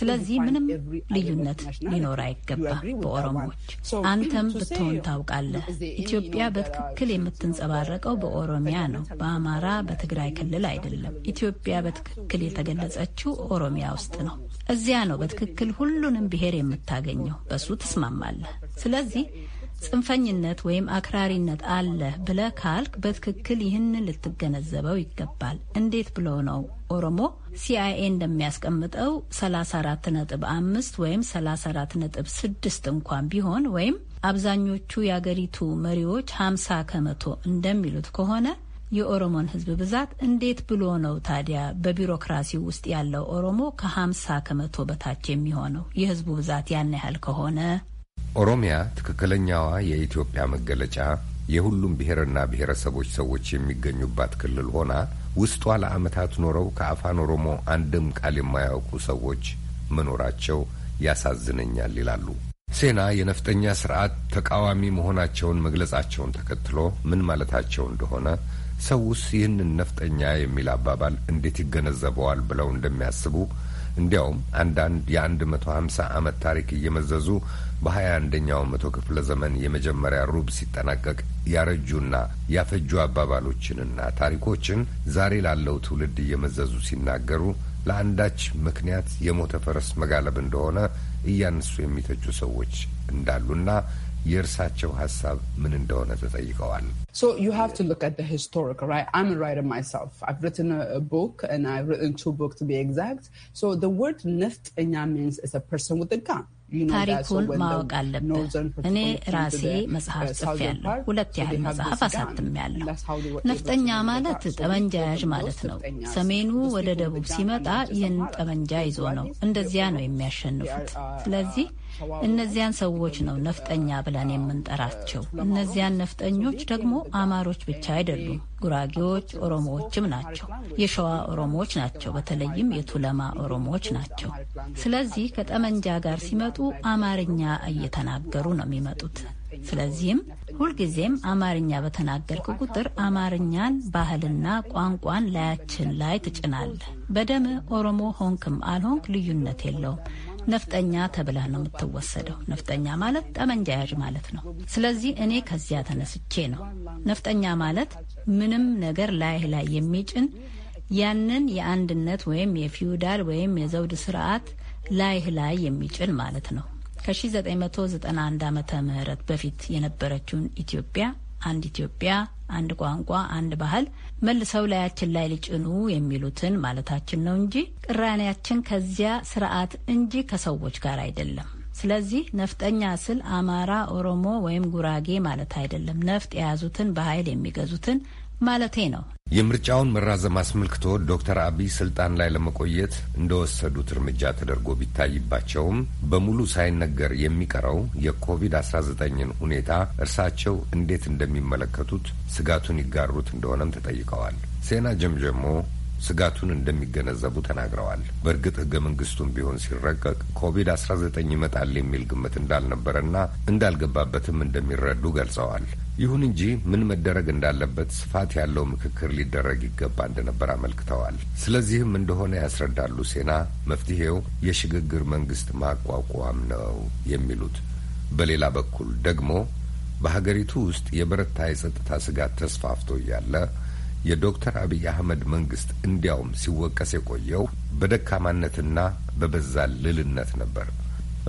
ስለዚህ ምንም ልዩነት ሊኖር አይገባ በኦሮሞዎች። አንተም ብትሆን ታውቃለህ፣ ኢትዮጵያ በትክክል የምትንጸባረቀው በኦሮሚያ ነው፣ በአማራ በትግራይ ክልል አይደለም። ኢትዮጵያ በትክክል የተገለጸችው ኦሮሚያ ውስጥ ነው። እዚያ ነው በትክክል ሁሉንም ብሔር የምታገኘው። በሱ ትስማማለህ። ስለዚህ ጽንፈኝነት ወይም አክራሪነት አለ ብለ ካልክ በትክክል ይህንን ልትገነዘበው ይገባል። እንዴት ብሎ ነው ኦሮሞ ሲአይኤ እንደሚያስቀምጠው 34.5 ወይም 34.6 እንኳን ቢሆን ወይም አብዛኞቹ የአገሪቱ መሪዎች 50 ከመቶ እንደሚሉት ከሆነ የኦሮሞን ህዝብ ብዛት እንዴት ብሎ ነው ታዲያ በቢሮክራሲ ውስጥ ያለው ኦሮሞ ከሀምሳ ከመቶ በታች የሚሆነው? የህዝቡ ብዛት ያን ያህል ከሆነ ኦሮሚያ ትክክለኛዋ የኢትዮጵያ መገለጫ የሁሉም ብሔርና ብሔረሰቦች ሰዎች የሚገኙባት ክልል ሆና ውስጧ ለዓመታት ኖረው ከአፋን ኦሮሞ አንድም ቃል የማያውቁ ሰዎች መኖራቸው ያሳዝነኛል ይላሉ። ሴና የነፍጠኛ ስርዓት ተቃዋሚ መሆናቸውን መግለጻቸውን ተከትሎ ምን ማለታቸው እንደሆነ ሰውስ ይህንን ነፍጠኛ የሚል አባባል እንዴት ይገነዘበዋል ብለው እንደሚያስቡ እንዲያውም አንዳንድ የአንድ መቶ ሀምሳ ዓመት ታሪክ እየመዘዙ በሀያ አንደኛው መቶ ክፍለ ዘመን የመጀመሪያ ሩብ ሲጠናቀቅ ያረጁና ያፈጁ አባባሎችንና ታሪኮችን ዛሬ ላለው ትውልድ እየመዘዙ ሲናገሩ ለአንዳች ምክንያት የሞተ ፈረስ መጋለብ እንደሆነ እያነሱ የሚተቹ ሰዎች እንዳሉና የእርሳቸው ሀሳብ ምን እንደሆነ ተጠይቀዋል። ታሪኩን ማወቅ አለብህ። እኔ ራሴ uh, መጽሐፍ ጽፌያለሁ። ሁለት ያህል መጽሐፍ አሳትሜያለሁ። ነፍጠኛ ማለት ጠመንጃ ያዥ ማለት ነው። ሰሜኑ ወደ ደቡብ ሲመጣ ይህን ጠመንጃ ይዞ ነው። እንደዚያ ነው uh, የሚያሸንፉት። uh, ስለዚህ እነዚያን ሰዎች ነው ነፍጠኛ ብለን የምንጠራቸው። እነዚያን ነፍጠኞች ደግሞ አማሮች ብቻ አይደሉም፣ ጉራጌዎች፣ ኦሮሞዎችም ናቸው። የሸዋ ኦሮሞዎች ናቸው። በተለይም የቱለማ ኦሮሞዎች ናቸው። ስለዚህ ከጠመንጃ ጋር ሲመጡ አማርኛ እየተናገሩ ነው የሚመጡት። ስለዚህም ሁልጊዜም አማርኛ በተናገርክ ቁጥር አማርኛን ባህልና ቋንቋን ላያችን ላይ ትጭናለህ። በደም ኦሮሞ ሆንክም አልሆንክ ልዩነት የለውም። ነፍጠኛ ተብለህ ነው የምትወሰደው። ነፍጠኛ ማለት ጠመንጃ ያዥ ማለት ነው። ስለዚህ እኔ ከዚያ ተነስቼ ነው ነፍጠኛ ማለት ምንም ነገር ላይ ላይ የሚጭን ያንን የአንድነት ወይም የፊውዳል ወይም የዘውድ ስርዓት ላይህ ላይ የሚጭን ማለት ነው። ከ1991 ዓመተ ምህረት በፊት የነበረችውን ኢትዮጵያ አንድ ኢትዮጵያ፣ አንድ ቋንቋ፣ አንድ ባህል መልሰው ላያችን ላይ ሊጭኑ የሚሉትን ማለታችን ነው እንጂ ቅራኔያችን ከዚያ ስርዓት እንጂ ከሰዎች ጋር አይደለም። ስለዚህ ነፍጠኛ ስል አማራ፣ ኦሮሞ ወይም ጉራጌ ማለት አይደለም። ነፍጥ የያዙትን በኃይል የሚገዙትን ማለቴ ነው። የምርጫውን መራዘም አስመልክቶ ዶክተር አብይ ስልጣን ላይ ለመቆየት እንደወሰዱት እርምጃ ተደርጎ ቢታይባቸውም በሙሉ ሳይነገር የሚቀረው የኮቪድ-19ን ሁኔታ እርሳቸው እንዴት እንደሚመለከቱት ስጋቱን ይጋሩት እንደሆነም ተጠይቀዋል። ሴና ጀምጀሞ ስጋቱን እንደሚገነዘቡ ተናግረዋል። በእርግጥ ህገ መንግስቱን ቢሆን ሲረቀቅ ኮቪድ-19 ይመጣል የሚል ግምት እንዳልነበረና እንዳልገባበትም እንደሚረዱ ገልጸዋል። ይሁን እንጂ ምን መደረግ እንዳለበት ስፋት ያለው ምክክር ሊደረግ ይገባ እንደነበር አመልክተዋል። ስለዚህም እንደሆነ ያስረዳሉ ሴና መፍትሄው የሽግግር መንግስት ማቋቋም ነው የሚሉት። በሌላ በኩል ደግሞ በሀገሪቱ ውስጥ የበረታ የጸጥታ ስጋት ተስፋፍቶ እያለ የዶክተር አብይ አህመድ መንግስት እንዲያውም ሲወቀስ የቆየው በደካማነትና በበዛ ልልነት ነበር።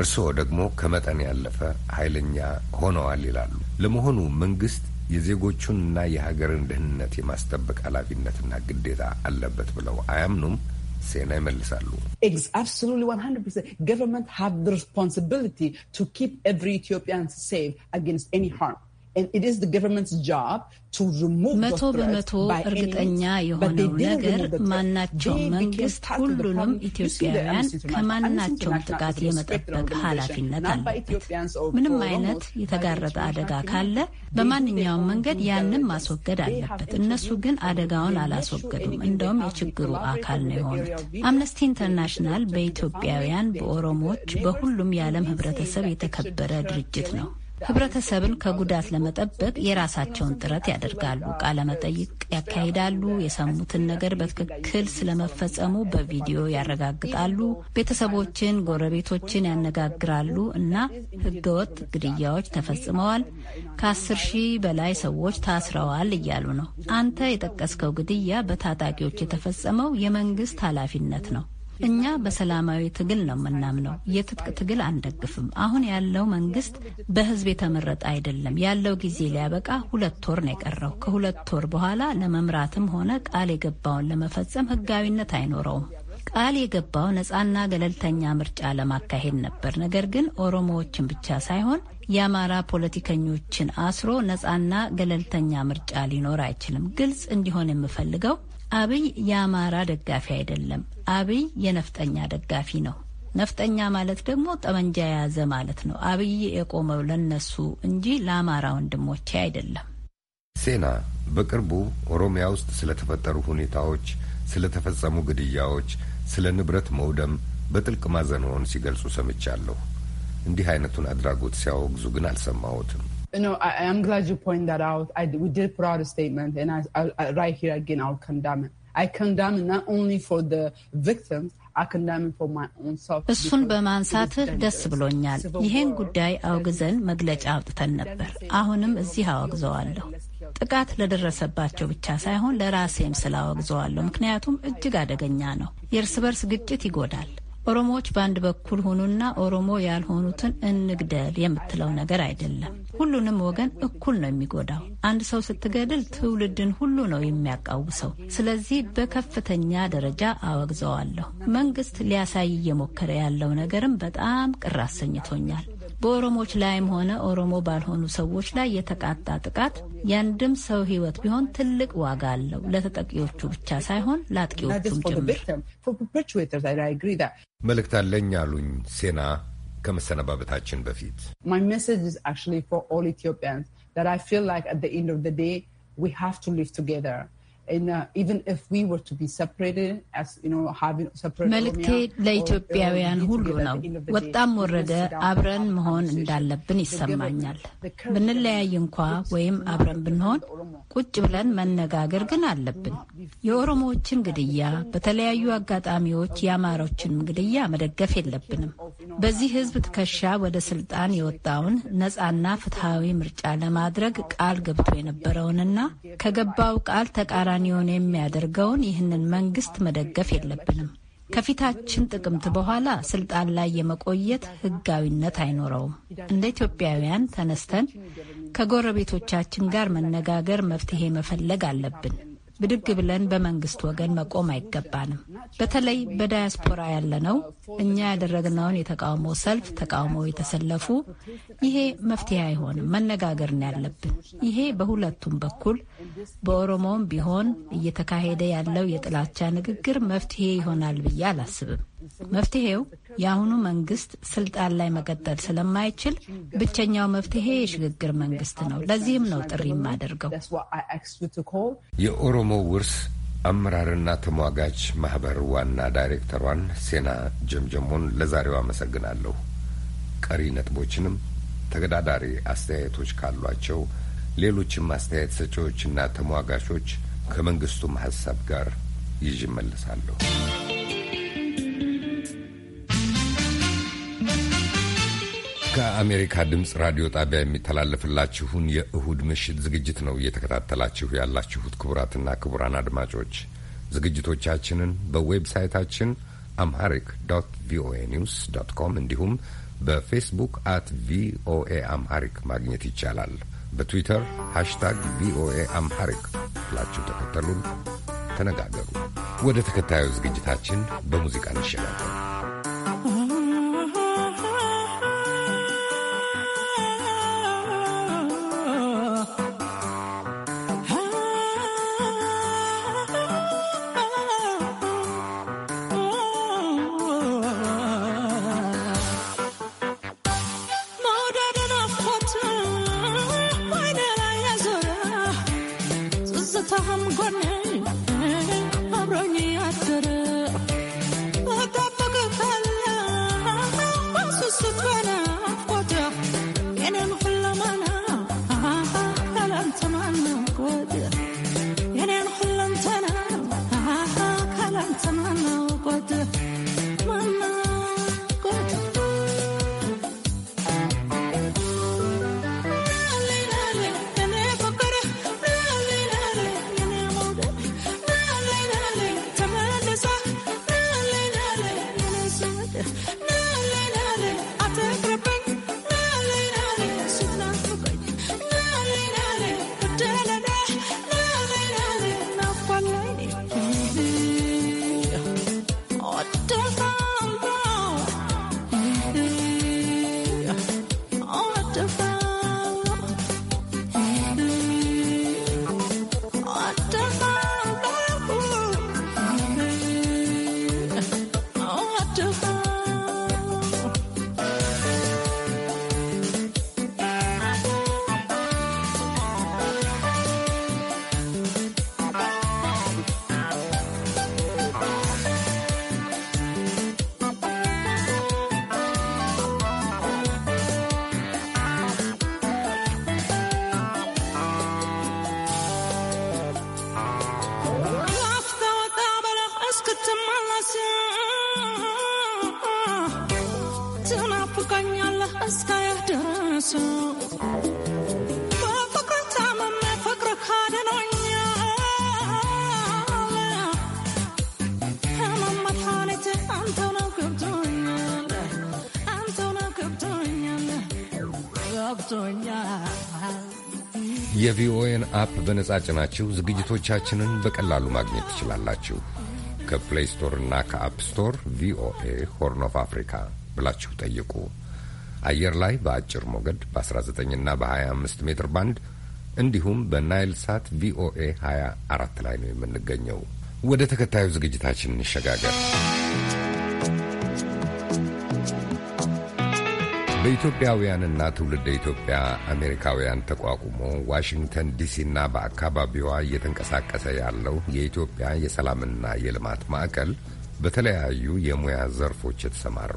እርስዎ ደግሞ ከመጠን ያለፈ ኃይለኛ ሆነዋል ይላሉ። ለመሆኑ መንግስት የዜጎቹንና የሀገርን ደህንነት የማስጠበቅ ኃላፊነትና ግዴታ አለበት ብለው አያምኑም? ሴና ይመልሳሉ። ገቨርንመንት ሃቭ ሪስፖንሲቢሊቲ ቱ ኪፕ ኤቭሪ ኢትዮጵያን ሴፍ አጌንስት ኤኒ ሃርም መቶ በመቶ እርግጠኛ የሆነው ነገር ማናቸው መንግስት ሁሉንም ኢትዮጵያውያን ከማናቸውም ጥቃት የመጠበቅ ኃላፊነት አለበት። ምንም አይነት የተጋረጠ አደጋ ካለ በማንኛውም መንገድ ያንን ማስወገድ አለበት። እነሱ ግን አደጋውን አላስወገዱም። እንደውም የችግሩ አካል ነው የሆኑት። አምነስቲ ኢንተርናሽናል በኢትዮጵያውያን፣ በኦሮሞዎች፣ በሁሉም የዓለም ህብረተሰብ የተከበረ ድርጅት ነው። ህብረተሰብን ከጉዳት ለመጠበቅ የራሳቸውን ጥረት ያደርጋሉ። ቃለመጠይቅ ያካሂዳሉ። የሰሙትን ነገር በትክክል ስለመፈጸሙ በቪዲዮ ያረጋግጣሉ። ቤተሰቦችን፣ ጎረቤቶችን ያነጋግራሉ እና ህገወጥ ግድያዎች ተፈጽመዋል፣ ከአስር ሺህ በላይ ሰዎች ታስረዋል እያሉ ነው። አንተ የጠቀስከው ግድያ በታጣቂዎች የተፈጸመው የመንግስት ኃላፊነት ነው። እኛ በሰላማዊ ትግል ነው የምናምነው። የትጥቅ ትግል አንደግፍም። አሁን ያለው መንግስት በህዝብ የተመረጠ አይደለም። ያለው ጊዜ ሊያበቃ ሁለት ወር ነው የቀረው። ከሁለት ወር በኋላ ለመምራትም ሆነ ቃል የገባውን ለመፈጸም ህጋዊነት አይኖረውም። ቃል የገባው ነጻና ገለልተኛ ምርጫ ለማካሄድ ነበር። ነገር ግን ኦሮሞዎችን ብቻ ሳይሆን የአማራ ፖለቲከኞችን አስሮ ነጻና ገለልተኛ ምርጫ ሊኖር አይችልም። ግልጽ እንዲሆን የምፈልገው አብይ የአማራ ደጋፊ አይደለም። አብይ የነፍጠኛ ደጋፊ ነው። ነፍጠኛ ማለት ደግሞ ጠመንጃ የያዘ ማለት ነው። አብይ የቆመው ለነሱ እንጂ ለአማራ ወንድሞቼ አይደለም። ሴና በቅርቡ ኦሮሚያ ውስጥ ስለተፈጠሩ ሁኔታዎች፣ ስለተፈጸሙ ግድያዎች፣ ስለ ንብረት መውደም በጥልቅ ማዘንዎን ሲገልጹ ሰምቻለሁ። እንዲህ አይነቱን አድራጎት ሲያወግዙ ግን አልሰማሁትም። you know, I, am glad you point that out. I, we did put out a statement, and I, I, I, right here again, I'll condemn it. I condemn it not only for the victims, እሱን በማንሳትህ ደስ ብሎኛል። ይህን ጉዳይ አውግዘን መግለጫ አውጥተን ነበር። አሁንም እዚህ አወግዘዋለሁ። ጥቃት ለደረሰባቸው ብቻ ሳይሆን ለራሴም ስላወግዘዋለሁ፣ ምክንያቱም እጅግ አደገኛ ነው። የእርስ በርስ ግጭት ይጎዳል። ኦሮሞዎች በአንድ በኩል ሆኑና ኦሮሞ ያልሆኑትን እንግደል የምትለው ነገር አይደለም። ሁሉንም ወገን እኩል ነው የሚጎዳው። አንድ ሰው ስትገድል ትውልድን ሁሉ ነው የሚያቃውሰው። ስለዚህ በከፍተኛ ደረጃ አወግዘዋለሁ። መንግስት ሊያሳይ እየሞከረ ያለው ነገርም በጣም ቅር አሰኝቶኛል። በኦሮሞዎች ላይም ሆነ ኦሮሞ ባልሆኑ ሰዎች ላይ የተቃጣ ጥቃት የአንድም ሰው ሕይወት ቢሆን ትልቅ ዋጋ አለው፣ ለተጠቂዎቹ ብቻ ሳይሆን ለአጥቂዎቹም ጭምር። መልእክት አለኝ አሉኝ ሴና ከመሰነባበታችን በፊት Uh, መልእክቴ ለኢትዮጵያውያን ሁሉ ነው። ወጣም ወረደ አብረን መሆን እንዳለብን ይሰማኛል። ብንለያይ እንኳ ወይም አብረን ብንሆን ቁጭ ብለን መነጋገር ግን አለብን። የኦሮሞዎችን ግድያ፣ በተለያዩ አጋጣሚዎች የአማሮችን ግድያ መደገፍ የለብንም። በዚህ ህዝብ ትከሻ ወደ ስልጣን የወጣውን ነፃና ፍትሐዊ ምርጫ ለማድረግ ቃል ገብቶ የነበረውንና ከገባው ቃል ተቃራ ተቃራኒውን የሚያደርገውን ይህንን መንግስት መደገፍ የለብንም። ከፊታችን ጥቅምት በኋላ ስልጣን ላይ የመቆየት ህጋዊነት አይኖረውም። እንደ ኢትዮጵያውያን ተነስተን ከጎረቤቶቻችን ጋር መነጋገር፣ መፍትሄ መፈለግ አለብን። ብድግ ብለን በመንግስት ወገን መቆም አይገባንም። በተለይ በዳያስፖራ ያለነው እኛ ያደረግነውን የተቃውሞ ሰልፍ ተቃውሞ የተሰለፉ ይሄ መፍትሄ አይሆንም። መነጋገር ነው ያለብን። ይሄ በሁለቱም በኩል በኦሮሞም ቢሆን እየተካሄደ ያለው የጥላቻ ንግግር መፍትሄ ይሆናል ብዬ አላስብም። መፍትሄው የአሁኑ መንግስት ስልጣን ላይ መቀጠል ስለማይችል ብቸኛው መፍትሄ የሽግግር መንግስት ነው። ለዚህም ነው ጥሪ የማደርገው። የኦሮሞ ውርስ አመራርና ተሟጋች ማህበር ዋና ዳይሬክተሯን ሴና ጀምጀሞን ለዛሬው አመሰግናለሁ። ቀሪ ነጥቦችንም ተገዳዳሪ አስተያየቶች ካሏቸው ሌሎችም አስተያየት ሰጪዎችና ተሟጋቾች ከመንግስቱም ሀሳብ ጋር ይዤ እመለሳለሁ። ከአሜሪካ ድምፅ ራዲዮ ጣቢያ የሚተላለፍላችሁን የእሁድ ምሽት ዝግጅት ነው እየተከታተላችሁ ያላችሁት። ክቡራትና ክቡራን አድማጮች ዝግጅቶቻችንን በዌብሳይታችን አምሃሪክ ዶት ቪኦኤ ኒውስ ዶት ኮም እንዲሁም በፌስቡክ አት ቪኦኤ አምሃሪክ ማግኘት ይቻላል። በትዊተር ሃሽታግ ቪኦኤ አምሃሪክ ብላችሁ ተከተሉን፣ ተነጋገሩ። ወደ ተከታዩ ዝግጅታችን በሙዚቃ እንሸጋገር። የቪኦኤን አፕ በነጻ ጭናችሁ ዝግጅቶቻችንን በቀላሉ ማግኘት ትችላላችሁ። ከፕሌይ ስቶር እና ከአፕ ስቶር ቪኦኤ ሆርን ኦፍ አፍሪካ ብላችሁ ጠይቁ። አየር ላይ በአጭር ሞገድ በ19 እና በ25 ሜትር ባንድ እንዲሁም በናይል ሳት ቪኦኤ 24 ላይ ነው የምንገኘው። ወደ ተከታዩ ዝግጅታችን እንሸጋገር። በኢትዮጵያውያንና ትውልደ ኢትዮጵያ አሜሪካውያን ተቋቁሞ ዋሽንግተን ዲሲና በአካባቢዋ እየተንቀሳቀሰ ያለው የኢትዮጵያ የሰላምና የልማት ማዕከል በተለያዩ የሙያ ዘርፎች የተሰማሩ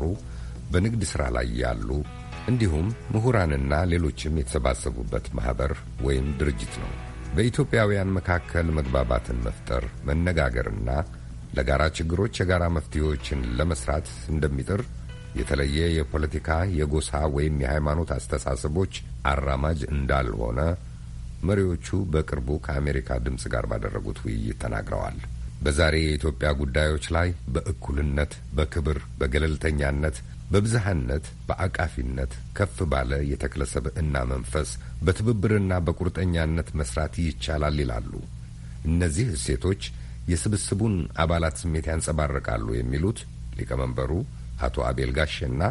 በንግድ ሥራ ላይ ያሉ እንዲሁም ምሁራንና ሌሎችም የተሰባሰቡበት ማኅበር ወይም ድርጅት ነው። በኢትዮጵያውያን መካከል መግባባትን መፍጠር መነጋገርና ለጋራ ችግሮች የጋራ መፍትሄዎችን ለመስራት እንደሚጥር የተለየ የፖለቲካ የጎሳ ወይም የሃይማኖት አስተሳሰቦች አራማጅ እንዳልሆነ መሪዎቹ በቅርቡ ከአሜሪካ ድምፅ ጋር ባደረጉት ውይይት ተናግረዋል። በዛሬ የኢትዮጵያ ጉዳዮች ላይ በእኩልነት፣ በክብር፣ በገለልተኛነት፣ በብዝሃነት፣ በአቃፊነት ከፍ ባለ የተክለ ሰብዕና መንፈስ በትብብርና በቁርጠኛነት መስራት ይቻላል ይላሉ። እነዚህ እሴቶች የስብስቡን አባላት ስሜት ያንጸባርቃሉ የሚሉት ሊቀመንበሩ አቶ አቤል ጋሼና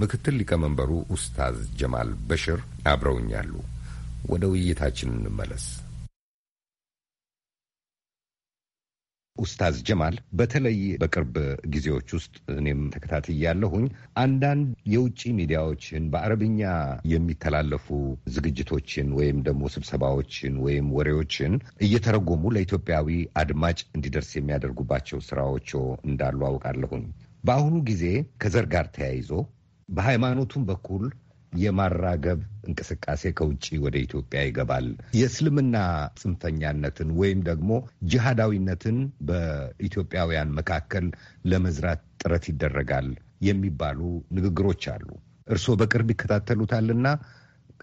ምክትል ሊቀመንበሩ ኡስታዝ ጀማል በሽር አብረውኛሉ። ወደ ውይይታችን እንመለስ። ኡስታዝ ጀማል በተለይ በቅርብ ጊዜዎች ውስጥ እኔም ተከታትያለሁኝ። አንዳንድ የውጭ ሚዲያዎችን በአረብኛ የሚተላለፉ ዝግጅቶችን ወይም ደግሞ ስብሰባዎችን ወይም ወሬዎችን እየተረጎሙ ለኢትዮጵያዊ አድማጭ እንዲደርስ የሚያደርጉባቸው ስራዎች እንዳሉ አውቃለሁኝ። በአሁኑ ጊዜ ከዘር ጋር ተያይዞ በሃይማኖቱም በኩል የማራገብ እንቅስቃሴ ከውጭ ወደ ኢትዮጵያ ይገባል። የእስልምና ጽንፈኛነትን ወይም ደግሞ ጅሃዳዊነትን በኢትዮጵያውያን መካከል ለመዝራት ጥረት ይደረጋል የሚባሉ ንግግሮች አሉ። እርስዎ በቅርብ ይከታተሉታልና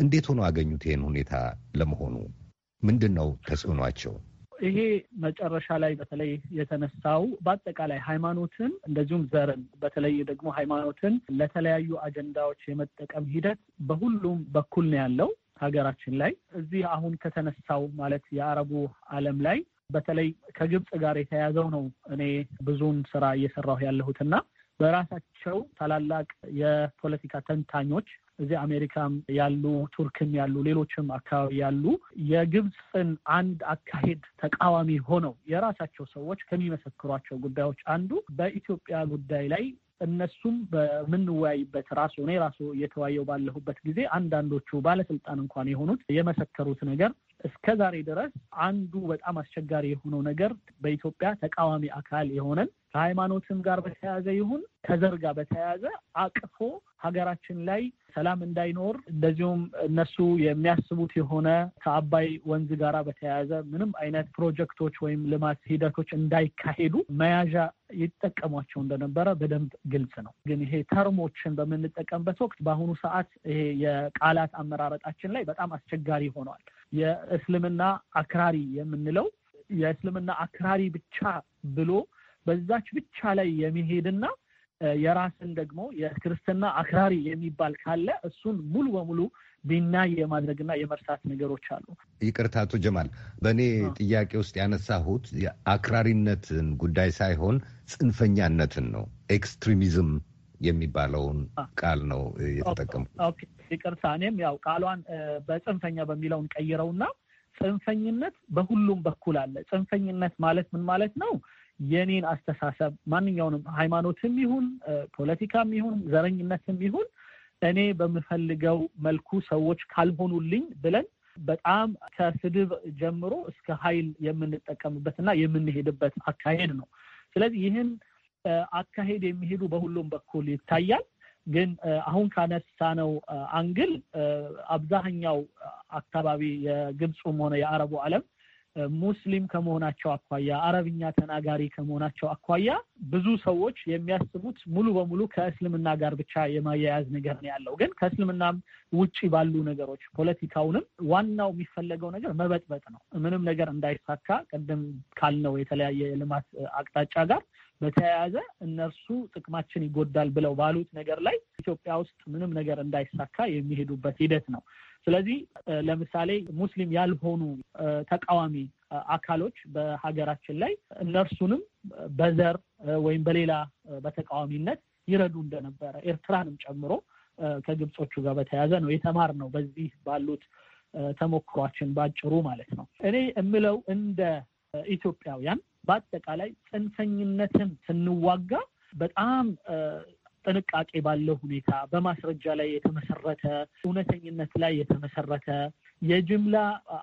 እንዴት ሆኖ አገኙት? ይህን ሁኔታ ለመሆኑ ምንድን ነው ተጽዕኗቸው? ይሄ መጨረሻ ላይ በተለይ የተነሳው በአጠቃላይ ሃይማኖትን እንደዚሁም ዘርን በተለይ ደግሞ ሃይማኖትን ለተለያዩ አጀንዳዎች የመጠቀም ሂደት በሁሉም በኩል ነው ያለው ሀገራችን ላይ እዚህ አሁን ከተነሳው ማለት የአረቡ ዓለም ላይ በተለይ ከግብፅ ጋር የተያያዘው ነው። እኔ ብዙውን ስራ እየሰራሁ ያለሁትና በራሳቸው ታላላቅ የፖለቲካ ተንታኞች እዚህ አሜሪካም ያሉ ቱርክም ያሉ ሌሎችም አካባቢ ያሉ የግብፅን አንድ አካሄድ ተቃዋሚ ሆነው የራሳቸው ሰዎች ከሚመሰክሯቸው ጉዳዮች አንዱ በኢትዮጵያ ጉዳይ ላይ እነሱም በምንወያይበት ራሱ እኔ ራሱ እየተወያየው ባለሁበት ጊዜ አንዳንዶቹ ባለስልጣን እንኳን የሆኑት የመሰከሩት ነገር እስከ ዛሬ ድረስ አንዱ በጣም አስቸጋሪ የሆነው ነገር በኢትዮጵያ ተቃዋሚ አካል የሆነን ከሃይማኖትም ጋር በተያያዘ ይሁን ከዘር ጋር በተያያዘ አቅፎ ሀገራችን ላይ ሰላም እንዳይኖር እንደዚሁም እነሱ የሚያስቡት የሆነ ከአባይ ወንዝ ጋራ በተያያዘ ምንም አይነት ፕሮጀክቶች ወይም ልማት ሂደቶች እንዳይካሄዱ መያዣ ይጠቀሟቸው እንደነበረ በደንብ ግልጽ ነው። ግን ይሄ ተርሞችን በምንጠቀምበት ወቅት በአሁኑ ሰዓት ይሄ የቃላት አመራረጣችን ላይ በጣም አስቸጋሪ ሆነዋል። የእስልምና አክራሪ የምንለው የእስልምና አክራሪ ብቻ ብሎ በዛች ብቻ ላይ የሚሄድና የራስን ደግሞ የክርስትና አክራሪ የሚባል ካለ እሱን ሙሉ በሙሉ ቢና የማድረግና የመርሳት ነገሮች አሉ። ይቅርታ አቶ ጀማል፣ በእኔ ጥያቄ ውስጥ ያነሳሁት የአክራሪነትን ጉዳይ ሳይሆን ጽንፈኛነትን ነው። ኤክስትሪሚዝም የሚባለውን ቃል ነው የተጠቀሙት። ይቅርታ፣ እኔም ያው ቃሏን በጽንፈኛ በሚለውን ቀይረውና ጽንፈኝነት በሁሉም በኩል አለ። ጽንፈኝነት ማለት ምን ማለት ነው? የኔን አስተሳሰብ ማንኛውንም ሃይማኖትም ይሁን ፖለቲካም ይሁን ዘረኝነትም ይሁን እኔ በምፈልገው መልኩ ሰዎች ካልሆኑልኝ ብለን በጣም ከስድብ ጀምሮ እስከ ኃይል የምንጠቀምበት እና የምንሄድበት አካሄድ ነው። ስለዚህ ይህን አካሄድ የሚሄዱ በሁሉም በኩል ይታያል። ግን አሁን ካነሳነው አንግል አብዛኛው አካባቢ የግብፁም ሆነ የአረቡ ዓለም ሙስሊም ከመሆናቸው አኳያ አረብኛ ተናጋሪ ከመሆናቸው አኳያ ብዙ ሰዎች የሚያስቡት ሙሉ በሙሉ ከእስልምና ጋር ብቻ የማያያዝ ነገር ነው ያለው። ግን ከእስልምናም ውጪ ባሉ ነገሮች ፖለቲካውንም ዋናው የሚፈለገው ነገር መበጥበጥ ነው። ምንም ነገር እንዳይሳካ ቅድም ካልነው የተለያየ የልማት አቅጣጫ ጋር በተያያዘ እነርሱ ጥቅማችን ይጎዳል ብለው ባሉት ነገር ላይ ኢትዮጵያ ውስጥ ምንም ነገር እንዳይሳካ የሚሄዱበት ሂደት ነው። ስለዚህ ለምሳሌ ሙስሊም ያልሆኑ ተቃዋሚ አካሎች በሀገራችን ላይ እነርሱንም በዘር ወይም በሌላ በተቃዋሚነት ይረዱ እንደነበረ ኤርትራንም ጨምሮ ከግብጾቹ ጋር በተያያዘ ነው የተማርነው በዚህ ባሉት ተሞክሯችን ባጭሩ ማለት ነው። እኔ የምለው እንደ ኢትዮጵያውያን በአጠቃላይ ጽንፈኝነትን ስንዋጋ በጣም ጥንቃቄ ባለው ሁኔታ በማስረጃ ላይ የተመሰረተ እውነተኝነት ላይ የተመሰረተ የጅምላ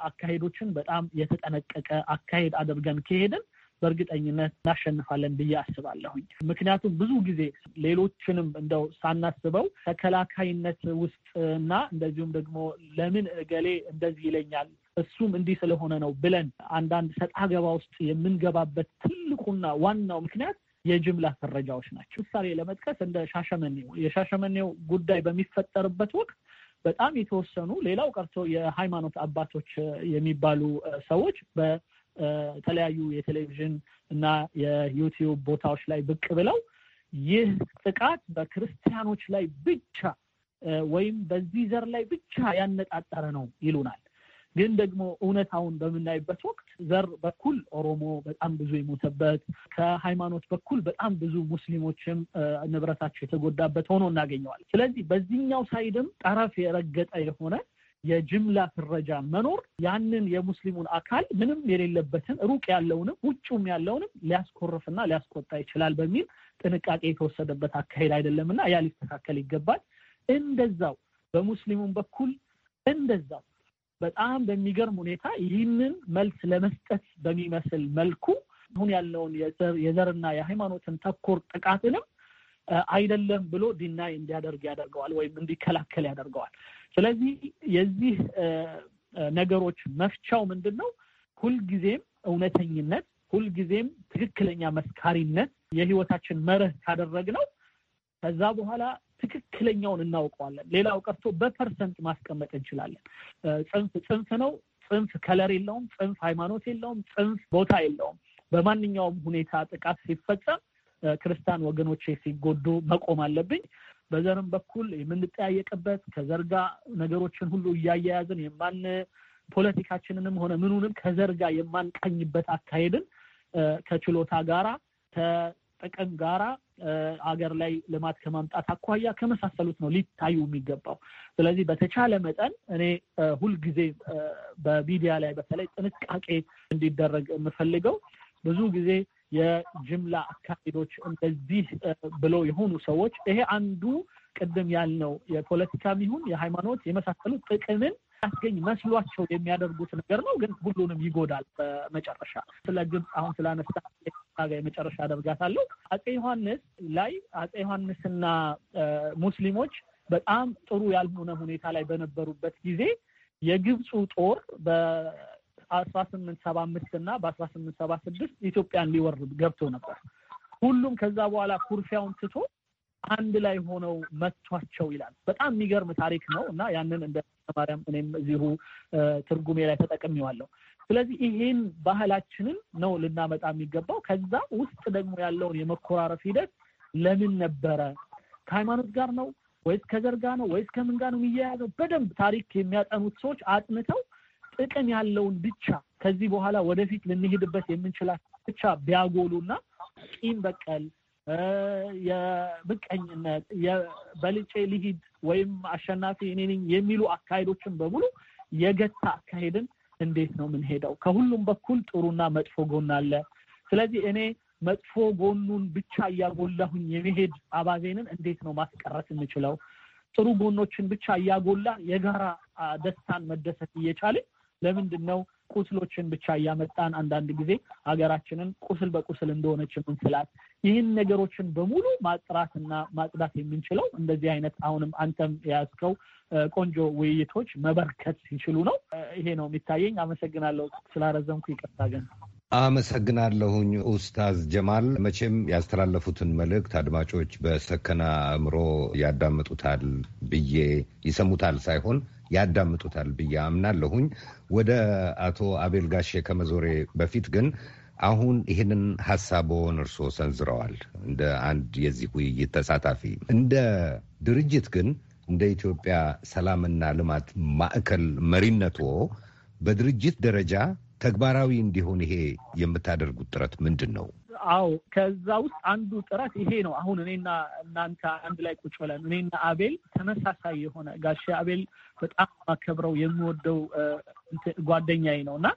አካሄዶችን በጣም የተጠነቀቀ አካሄድ አድርገን ከሄድን በእርግጠኝነት እናሸንፋለን ብዬ አስባለሁኝ። ምክንያቱም ብዙ ጊዜ ሌሎችንም እንደው ሳናስበው ተከላካይነት ውስጥ እና እንደዚሁም ደግሞ ለምን እገሌ እንደዚህ ይለኛል እሱም እንዲህ ስለሆነ ነው ብለን አንዳንድ ሰጣ ገባ ውስጥ የምንገባበት ትልቁና ዋናው ምክንያት የጅምላ ፈረጃዎች ናቸው። ምሳሌ ለመጥቀስ እንደ ሻሸመኔው የሻሸመኔው ጉዳይ በሚፈጠርበት ወቅት በጣም የተወሰኑ ሌላው ቀርቶ የሃይማኖት አባቶች የሚባሉ ሰዎች በተለያዩ የቴሌቪዥን እና የዩቲዩብ ቦታዎች ላይ ብቅ ብለው ይህ ጥቃት በክርስቲያኖች ላይ ብቻ ወይም በዚህ ዘር ላይ ብቻ ያነጣጠረ ነው ይሉናል። ግን ደግሞ እውነታውን በምናይበት ወቅት ዘር በኩል ኦሮሞ በጣም ብዙ የሞተበት ከሃይማኖት በኩል በጣም ብዙ ሙስሊሞችም ንብረታቸው የተጎዳበት ሆኖ እናገኘዋል። ስለዚህ በዚህኛው ሳይድም ጠረፍ የረገጠ የሆነ የጅምላ ፍረጃ መኖር ያንን የሙስሊሙን አካል ምንም የሌለበትን ሩቅ ያለውንም ውጩም ያለውንም ሊያስኮርፍና ሊያስቆጣ ይችላል በሚል ጥንቃቄ የተወሰደበት አካሄድ አይደለምና ያ ሊስተካከል ይገባል። እንደዛው በሙስሊሙም በኩል እንደዛው በጣም በሚገርም ሁኔታ ይህንን መልስ ለመስጠት በሚመስል መልኩ አሁን ያለውን የዘርና የሃይማኖትን ተኮር ጥቃትንም አይደለም ብሎ ዲናይ እንዲያደርግ ያደርገዋል ወይም እንዲከላከል ያደርገዋል። ስለዚህ የዚህ ነገሮች መፍቻው ምንድን ነው? ሁልጊዜም እውነተኝነት፣ ሁልጊዜም ትክክለኛ መስካሪነት የህይወታችን መርህ ካደረግ ነው። ከዛ በኋላ ትክክለኛውን እናውቀዋለን። ሌላው ቀርቶ በፐርሰንት ማስቀመጥ እንችላለን። ጽንፍ ጽንፍ ነው። ጽንፍ ከለር የለውም። ጽንፍ ሃይማኖት የለውም። ጽንፍ ቦታ የለውም። በማንኛውም ሁኔታ ጥቃት ሲፈጸም ክርስቲያን ወገኖቼ ሲጎዱ መቆም አለብኝ። በዘርም በኩል የምንጠያየቅበት ከዘርጋ ነገሮችን ሁሉ እያያያዝን የማን ፖለቲካችንንም ሆነ ምኑንም ከዘርጋ የማንቀኝበት አካሄድን ከችሎታ ጋራ ከጥቅም ጋራ አገር ላይ ልማት ከማምጣት አኳያ ከመሳሰሉት ነው ሊታዩ የሚገባው። ስለዚህ በተቻለ መጠን እኔ ሁልጊዜ በሚዲያ ላይ በተለይ ጥንቃቄ እንዲደረግ የምፈልገው ብዙ ጊዜ የጅምላ አካሄዶች እንደዚህ ብለው የሆኑ ሰዎች ይሄ አንዱ ቅድም ያልነው የፖለቲካም ይሁን የሃይማኖት የመሳሰሉት ጥቅምን ያስገኝ መስሏቸው የሚያደርጉት ነገር ነው፣ ግን ሁሉንም ይጎዳል በመጨረሻ። ስለ ግብፅ አሁን ስላነሳ ጋር የመጨረሻ አደርጋታለሁ። አጼ ዮሐንስ ላይ አጼ ዮሐንስና ሙስሊሞች በጣም ጥሩ ያልሆነ ሁኔታ ላይ በነበሩበት ጊዜ የግብፁ ጦር በአስራ ስምንት ሰባ አምስት እና በአስራ ስምንት ሰባ ስድስት ኢትዮጵያን ሊወርድ ገብቶ ነበር። ሁሉም ከዛ በኋላ ኩርፊያውን ትቶ አንድ ላይ ሆነው መቷቸው ይላል። በጣም የሚገርም ታሪክ ነው እና ያንን እንደ ማርያም እኔም እዚሁ ትርጉሜ ላይ ተጠቅሜዋለሁ። ስለዚህ ይሄን ባህላችንን ነው ልናመጣ የሚገባው። ከዛ ውስጥ ደግሞ ያለውን የመኮራረፍ ሂደት ለምን ነበረ ከሃይማኖት ጋር ነው ወይስ ከዘር ጋር ነው ወይስ ከምን ጋር ነው የሚያያዘው? በደንብ ታሪክ የሚያጠኑት ሰዎች አጥንተው ጥቅም ያለውን ብቻ ከዚህ በኋላ ወደፊት ልንሄድበት የምንችላት ብቻ ቢያጎሉና ቂም በቀል የምቀኝነት፣ በልጬ ልሂድ ወይም አሸናፊ እኔ ነኝ የሚሉ አካሄዶችን በሙሉ የገታ አካሄድን እንዴት ነው የምንሄደው? ከሁሉም በኩል ጥሩና መጥፎ ጎን አለ። ስለዚህ እኔ መጥፎ ጎኑን ብቻ እያጎላሁኝ የመሄድ አባዜንን እንዴት ነው ማስቀረት የምችለው? ጥሩ ጎኖችን ብቻ እያጎላ የጋራ ደስታን መደሰት እየቻለ ለምንድን ነው ቁስሎችን ብቻ እያመጣን አንዳንድ ጊዜ ሀገራችንን ቁስል በቁስል እንደሆነች የምንስላት ይህን ነገሮችን በሙሉ ማጥራትና ማጽዳት የምንችለው እንደዚህ አይነት አሁንም አንተም የያዝከው ቆንጆ ውይይቶች መበርከት ሲችሉ ነው። ይሄ ነው የሚታየኝ። አመሰግናለሁ። ስላረዘምኩ ይቅርታ ግን አመሰግናለሁኝ ኡስታዝ ጀማል። መቼም ያስተላለፉትን መልእክት አድማጮች በሰከና አእምሮ ያዳምጡታል ብዬ ይሰሙታል ሳይሆን ያዳምጡታል ብዬ አምናለሁኝ። ወደ አቶ አቤል ጋሼ ከመዞሬ በፊት ግን አሁን ይህንን ሀሳቦን እርስዎ ሰንዝረዋል። እንደ አንድ የዚህ ውይይት ተሳታፊ እንደ ድርጅት ግን እንደ ኢትዮጵያ ሰላምና ልማት ማዕከል መሪነቶ በድርጅት ደረጃ ተግባራዊ እንዲሆን ይሄ የምታደርጉት ጥረት ምንድን ነው? አዎ ከዛ ውስጥ አንዱ ጥረት ይሄ ነው። አሁን እኔና እናንተ አንድ ላይ ቁጭ ብለን እኔና አቤል ተመሳሳይ የሆነ ጋሽ አቤል በጣም ማከብረው የሚወደው ጓደኛዬ ነው እና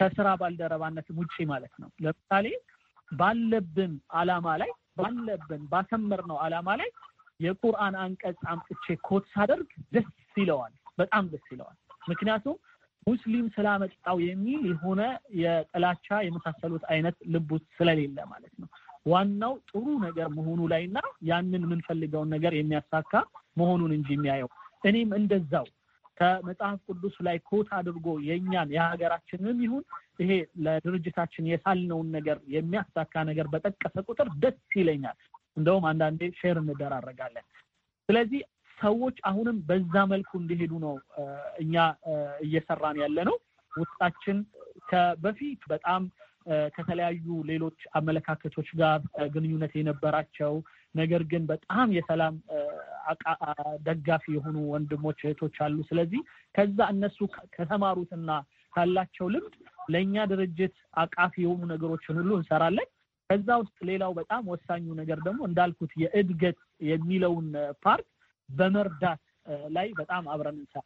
ከስራ ባልደረባነት ውጪ ማለት ነው። ለምሳሌ ባለብን አላማ ላይ ባለብን ባሰመርነው አላማ ላይ የቁርአን አንቀጽ አምጥቼ ኮት ሳደርግ ደስ ይለዋል፣ በጣም ደስ ይለዋል። ምክንያቱም ሙስሊም ስላመጣው የሚል የሆነ የጥላቻ የመሳሰሉት አይነት ልብ ውስጥ ስለሌለ ማለት ነው። ዋናው ጥሩ ነገር መሆኑ ላይና ያንን የምንፈልገውን ነገር የሚያሳካ መሆኑን እንጂ የሚያየው እኔም እንደዛው ከመጽሐፍ ቅዱስ ላይ ኮት አድርጎ የእኛን የሀገራችንም ይሁን ይሄ ለድርጅታችን የሳልነውን ነገር የሚያሳካ ነገር በጠቀሰ ቁጥር ደስ ይለኛል። እንደውም አንዳንዴ ሼር እንደራረጋለን። ስለዚህ ሰዎች አሁንም በዛ መልኩ እንዲሄዱ ነው እኛ እየሰራን ያለ ነው። ውስጣችን ከበፊት በጣም ከተለያዩ ሌሎች አመለካከቶች ጋር ግንኙነት የነበራቸው ነገር ግን በጣም የሰላም ደጋፊ የሆኑ ወንድሞች እህቶች አሉ። ስለዚህ ከዛ እነሱ ከተማሩትና ካላቸው ልምድ ለእኛ ድርጅት አቃፊ የሆኑ ነገሮችን ሁሉ እንሰራለን። ከዛ ውስጥ ሌላው በጣም ወሳኙ ነገር ደግሞ እንዳልኩት የእድገት የሚለውን ፓርት በመርዳት ላይ በጣም አብረን እንሰራ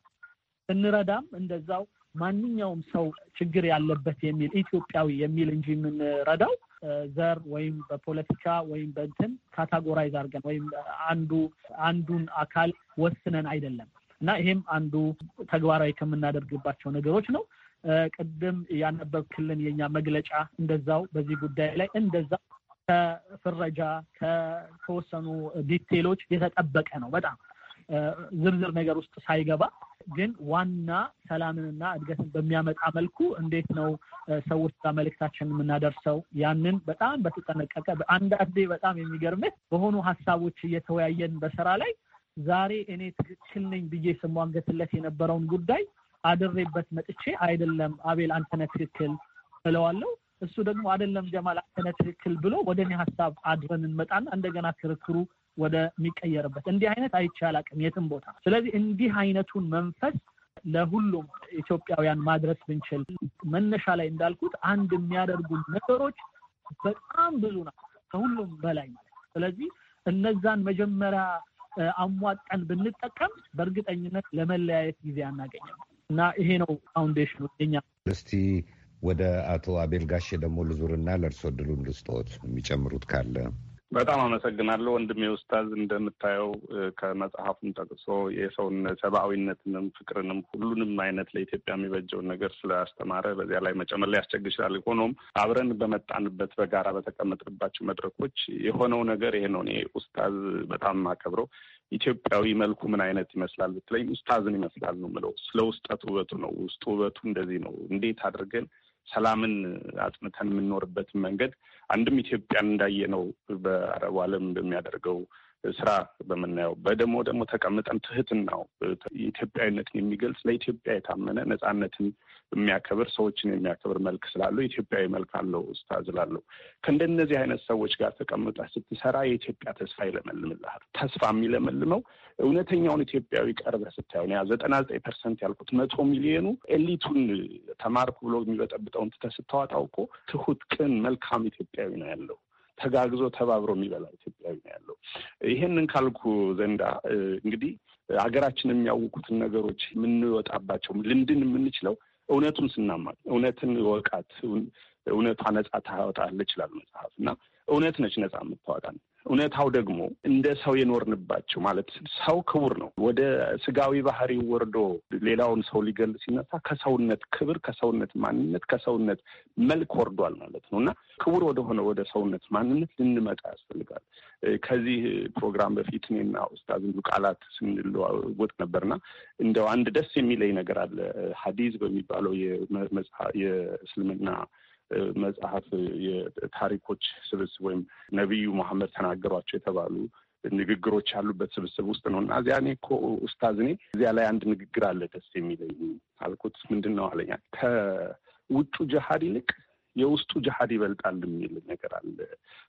ስንረዳም እንደዛው ማንኛውም ሰው ችግር ያለበት የሚል ኢትዮጵያዊ የሚል እንጂ የምንረዳው ዘር ወይም በፖለቲካ ወይም በእንትን ካታጎራይዝ አድርገን ወይም አንዱ አንዱን አካል ወስነን አይደለም እና ይሄም አንዱ ተግባራዊ ከምናደርግባቸው ነገሮች ነው። ቅድም ያነበብክልን የኛ መግለጫ እንደዛው በዚህ ጉዳይ ላይ እንደዛ ከፍረጃ ከተወሰኑ ዲቴሎች የተጠበቀ ነው በጣም ዝርዝር ነገር ውስጥ ሳይገባ ግን ዋና ሰላምንና እድገትን በሚያመጣ መልኩ እንዴት ነው ሰዎች ጋር መልእክታችንን የምናደርሰው? ያንን በጣም በተጠነቀቀ በአንዳንዴ በጣም የሚገርምህ በሆኑ ሀሳቦች እየተወያየን በስራ ላይ ዛሬ እኔ ትክክል ነኝ ብዬ ስሟገትለት የነበረውን ጉዳይ አድሬበት መጥቼ አይደለም አቤል አንተነ ትክክል እለዋለሁ። እሱ ደግሞ አይደለም ጀማል አንተነ ትክክል ብሎ ወደ እኔ ሀሳብ አድረን እንመጣና እንደገና ክርክሩ ወደሚቀየርበት እንዲህ አይነት አይቻል አቅም የትም ቦታ። ስለዚህ እንዲህ አይነቱን መንፈስ ለሁሉም ኢትዮጵያውያን ማድረስ ብንችል መነሻ ላይ እንዳልኩት አንድ የሚያደርጉ ነገሮች በጣም ብዙ ናቸው፣ ከሁሉም በላይ ማለት ስለዚህ እነዛን መጀመሪያ አሟጠን ብንጠቀም በእርግጠኝነት ለመለያየት ጊዜ አናገኝም እና ይሄ ነው ፋውንዴሽኑ የኛ። እስቲ ወደ አቶ አቤል ጋሼ ደግሞ ልዙርና ለእርሶ ድሉን ልስጦት የሚጨምሩት ካለ በጣም አመሰግናለሁ ወንድሜ ውስታዝ። እንደምታየው ከመጽሐፉን ጠቅሶ የሰውን ሰብአዊነትንም ፍቅርንም ሁሉንም አይነት ለኢትዮጵያ የሚበጀውን ነገር ስላስተማረ በዚያ ላይ መጨመር ሊያስቸግር ይችላል። ሆኖም አብረን በመጣንበት በጋራ በተቀመጥንባቸው መድረኮች የሆነው ነገር ይሄ ነው። እኔ ውስታዝ በጣም አከብረው ኢትዮጵያዊ መልኩ ምን አይነት ይመስላል ብትለኝ ውስታዝን ይመስላል ነው ምለው። ስለ ውስጠት ውበቱ ነው። ውስጥ ውበቱ እንደዚህ ነው። እንዴት አድርገን ሰላምን አጽንተን የምንኖርበትን መንገድ አንድም ኢትዮጵያን እንዳየነው በአረቡ ዓለም በሚያደርገው ስራ በምናየው በደሞ ደግሞ ተቀምጠን ትህትናው የኢትዮጵያዊነትን የሚገልጽ ለኢትዮጵያ የታመነ ነፃነትን የሚያከብር ሰዎችን የሚያከብር መልክ ስላለው ኢትዮጵያዊ መልክ አለው ስታዝ ላለው ከእንደነዚህ አይነት ሰዎች ጋር ተቀምጠ ስትሰራ የኢትዮጵያ ተስፋ ይለመልምልሃል። ተስፋ የሚለመልመው እውነተኛውን ኢትዮጵያዊ ቀርበ ስታየው ያ ዘጠና ዘጠኝ ፐርሰንት ያልኩት መቶ ሚሊዮኑ ኤሊቱን ተማርኩ ብሎ የሚበጠብጠውን ትተህ ስታዋጣው እኮ ትሁት፣ ቅን፣ መልካም ኢትዮጵያዊ ነው ያለው። ተጋግዞ ተባብሮ የሚበላ ኢትዮጵያዊ ነው ያለው። ይሄንን ካልኩ ዘንዳ እንግዲህ ሀገራችን የሚያውቁትን ነገሮች የምንወጣባቸው ልምድን የምንችለው እውነቱን ስናማ እውነትን ወቃት እውነቷ ነጻ ታወጣለች ይችላል መጽሐፍ እና እውነት ነች ነጻ የምታወጣ እውነታው ደግሞ እንደ ሰው የኖርንባቸው ማለት ሰው ክቡር ነው። ወደ ስጋዊ ባህሪ ወርዶ ሌላውን ሰው ሊገል ሲነሳ ከሰውነት ክብር፣ ከሰውነት ማንነት፣ ከሰውነት መልክ ወርዷል ማለት ነው እና ክቡር ወደሆነ ወደ ሰውነት ማንነት ልንመጣ ያስፈልጋል። ከዚህ ፕሮግራም በፊት እኔና ኡስታዝ ቃላት ስንለዋወጥ ነበርና እንደው አንድ ደስ የሚለኝ ነገር አለ ሀዲዝ በሚባለው የእስልምና መጽሐፍ የታሪኮች ስብስብ ወይም ነቢዩ መሐመድ ተናገሯቸው የተባሉ ንግግሮች ያሉበት ስብስብ ውስጥ ነው እና እዚያ እኔ እኮ ኡስታዝኔ እዚያ ላይ አንድ ንግግር አለ ደስ የሚለኝ አልኩት። ምንድን ነው አለኛ። ከውጩ ጅሃድ ይልቅ የውስጡ ጅሃድ ይበልጣል የሚል ነገር አለ።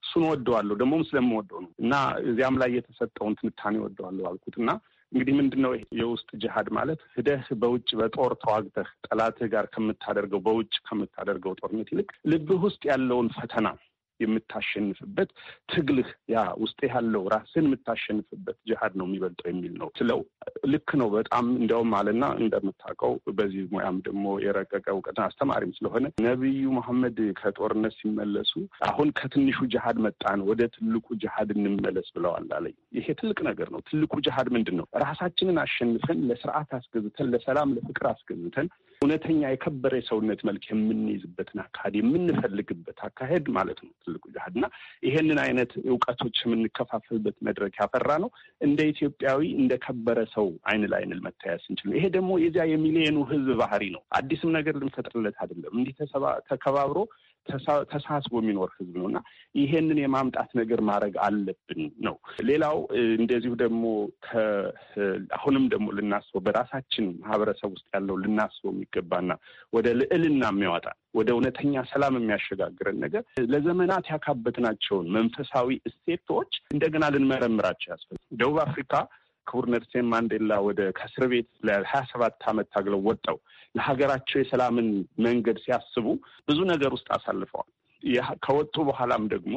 እሱን ወደዋለሁ፣ ደግሞም ስለምወደው ነው እና እዚያም ላይ የተሰጠውን ትንታኔ ወደዋለሁ አልኩት እና እንግዲህ ምንድን ነው ይሄ የውስጥ ጅሃድ ማለት? ህደህ በውጭ በጦር ተዋግተህ ጠላትህ ጋር ከምታደርገው በውጭ ከምታደርገው ጦርነት ይልቅ ልብህ ውስጥ ያለውን ፈተና የምታሸንፍበት ትግልህ ያ ውስጥ ያለው ራስን የምታሸንፍበት ጅሃድ ነው የሚበልጠው የሚል ነው ስለው ልክ ነው በጣም እንዲያውም አለና እንደምታውቀው በዚህ ሙያም ደግሞ የረቀቀ እውቀት አስተማሪም ስለሆነ ነቢዩ መሐመድ ከጦርነት ሲመለሱ አሁን ከትንሹ ጅሃድ መጣን ወደ ትልቁ ጅሃድ እንመለስ ብለዋል አለኝ። ይሄ ትልቅ ነገር ነው። ትልቁ ጅሃድ ምንድን ነው? ራሳችንን አሸንፈን ለስርዓት አስገዝተን ለሰላም ለፍቅር አስገዝተን እውነተኛ የከበረ የሰውነት መልክ የምንይዝበትን አካሄድ የምንፈልግበት አካሄድ ማለት ነው ትልቁ ጅሃድ እና ይሄንን አይነት እውቀቶች የምንከፋፈልበት መድረክ ያፈራ ነው። እንደ ኢትዮጵያዊ እንደ ከበረ ሰው አይን ለአይን መታያስ ስንችል ነው። ይሄ ደግሞ የዚያ የሚሊየኑ ህዝብ ባህሪ ነው። አዲስም ነገር ልንፈጥርለት አይደለም። እንዲህ ተከባብሮ ተሳስቦ የሚኖር ህዝብ ነው እና ይሄንን የማምጣት ነገር ማድረግ አለብን ነው። ሌላው እንደዚሁ ደግሞ አሁንም ደግሞ ልናስበው በራሳችን ማህበረሰብ ውስጥ ያለው ልናስበው የሚገባና ወደ ልዕልና የሚያወጣ ወደ እውነተኛ ሰላም የሚያሸጋግረን ነገር ለዘመናት ያካበትናቸውን መንፈሳዊ እሴቶች እንደገና ልንመረምራቸው ያስፈልጋል። ደቡብ አፍሪካ ክቡር ነርሴን ማንዴላ ወደ ከእስር ቤት ለሀያ ሰባት ዓመት ታግለው ወጠው ለሀገራቸው የሰላምን መንገድ ሲያስቡ ብዙ ነገር ውስጥ አሳልፈዋል። ከወጡ በኋላም ደግሞ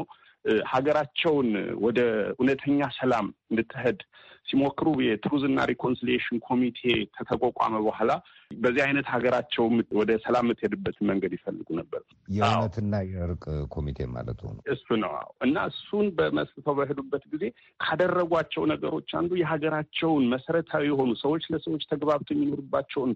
ሀገራቸውን ወደ እውነተኛ ሰላም እንድትሄድ ሲሞክሩ የትሩዝና ሪኮንሲሊሽን ኮሚቴ ከተቋቋመ በኋላ በዚህ አይነት ሀገራቸው ወደ ሰላም የምትሄድበትን መንገድ ይፈልጉ ነበር። የእውነትና የእርቅ ኮሚቴ ማለት ነው። እሱ ነው እና እሱን በመስርተው በሄዱበት ጊዜ ካደረጓቸው ነገሮች አንዱ የሀገራቸውን መሰረታዊ የሆኑ ሰዎች ለሰዎች ተግባብቶ የሚኖሩባቸውን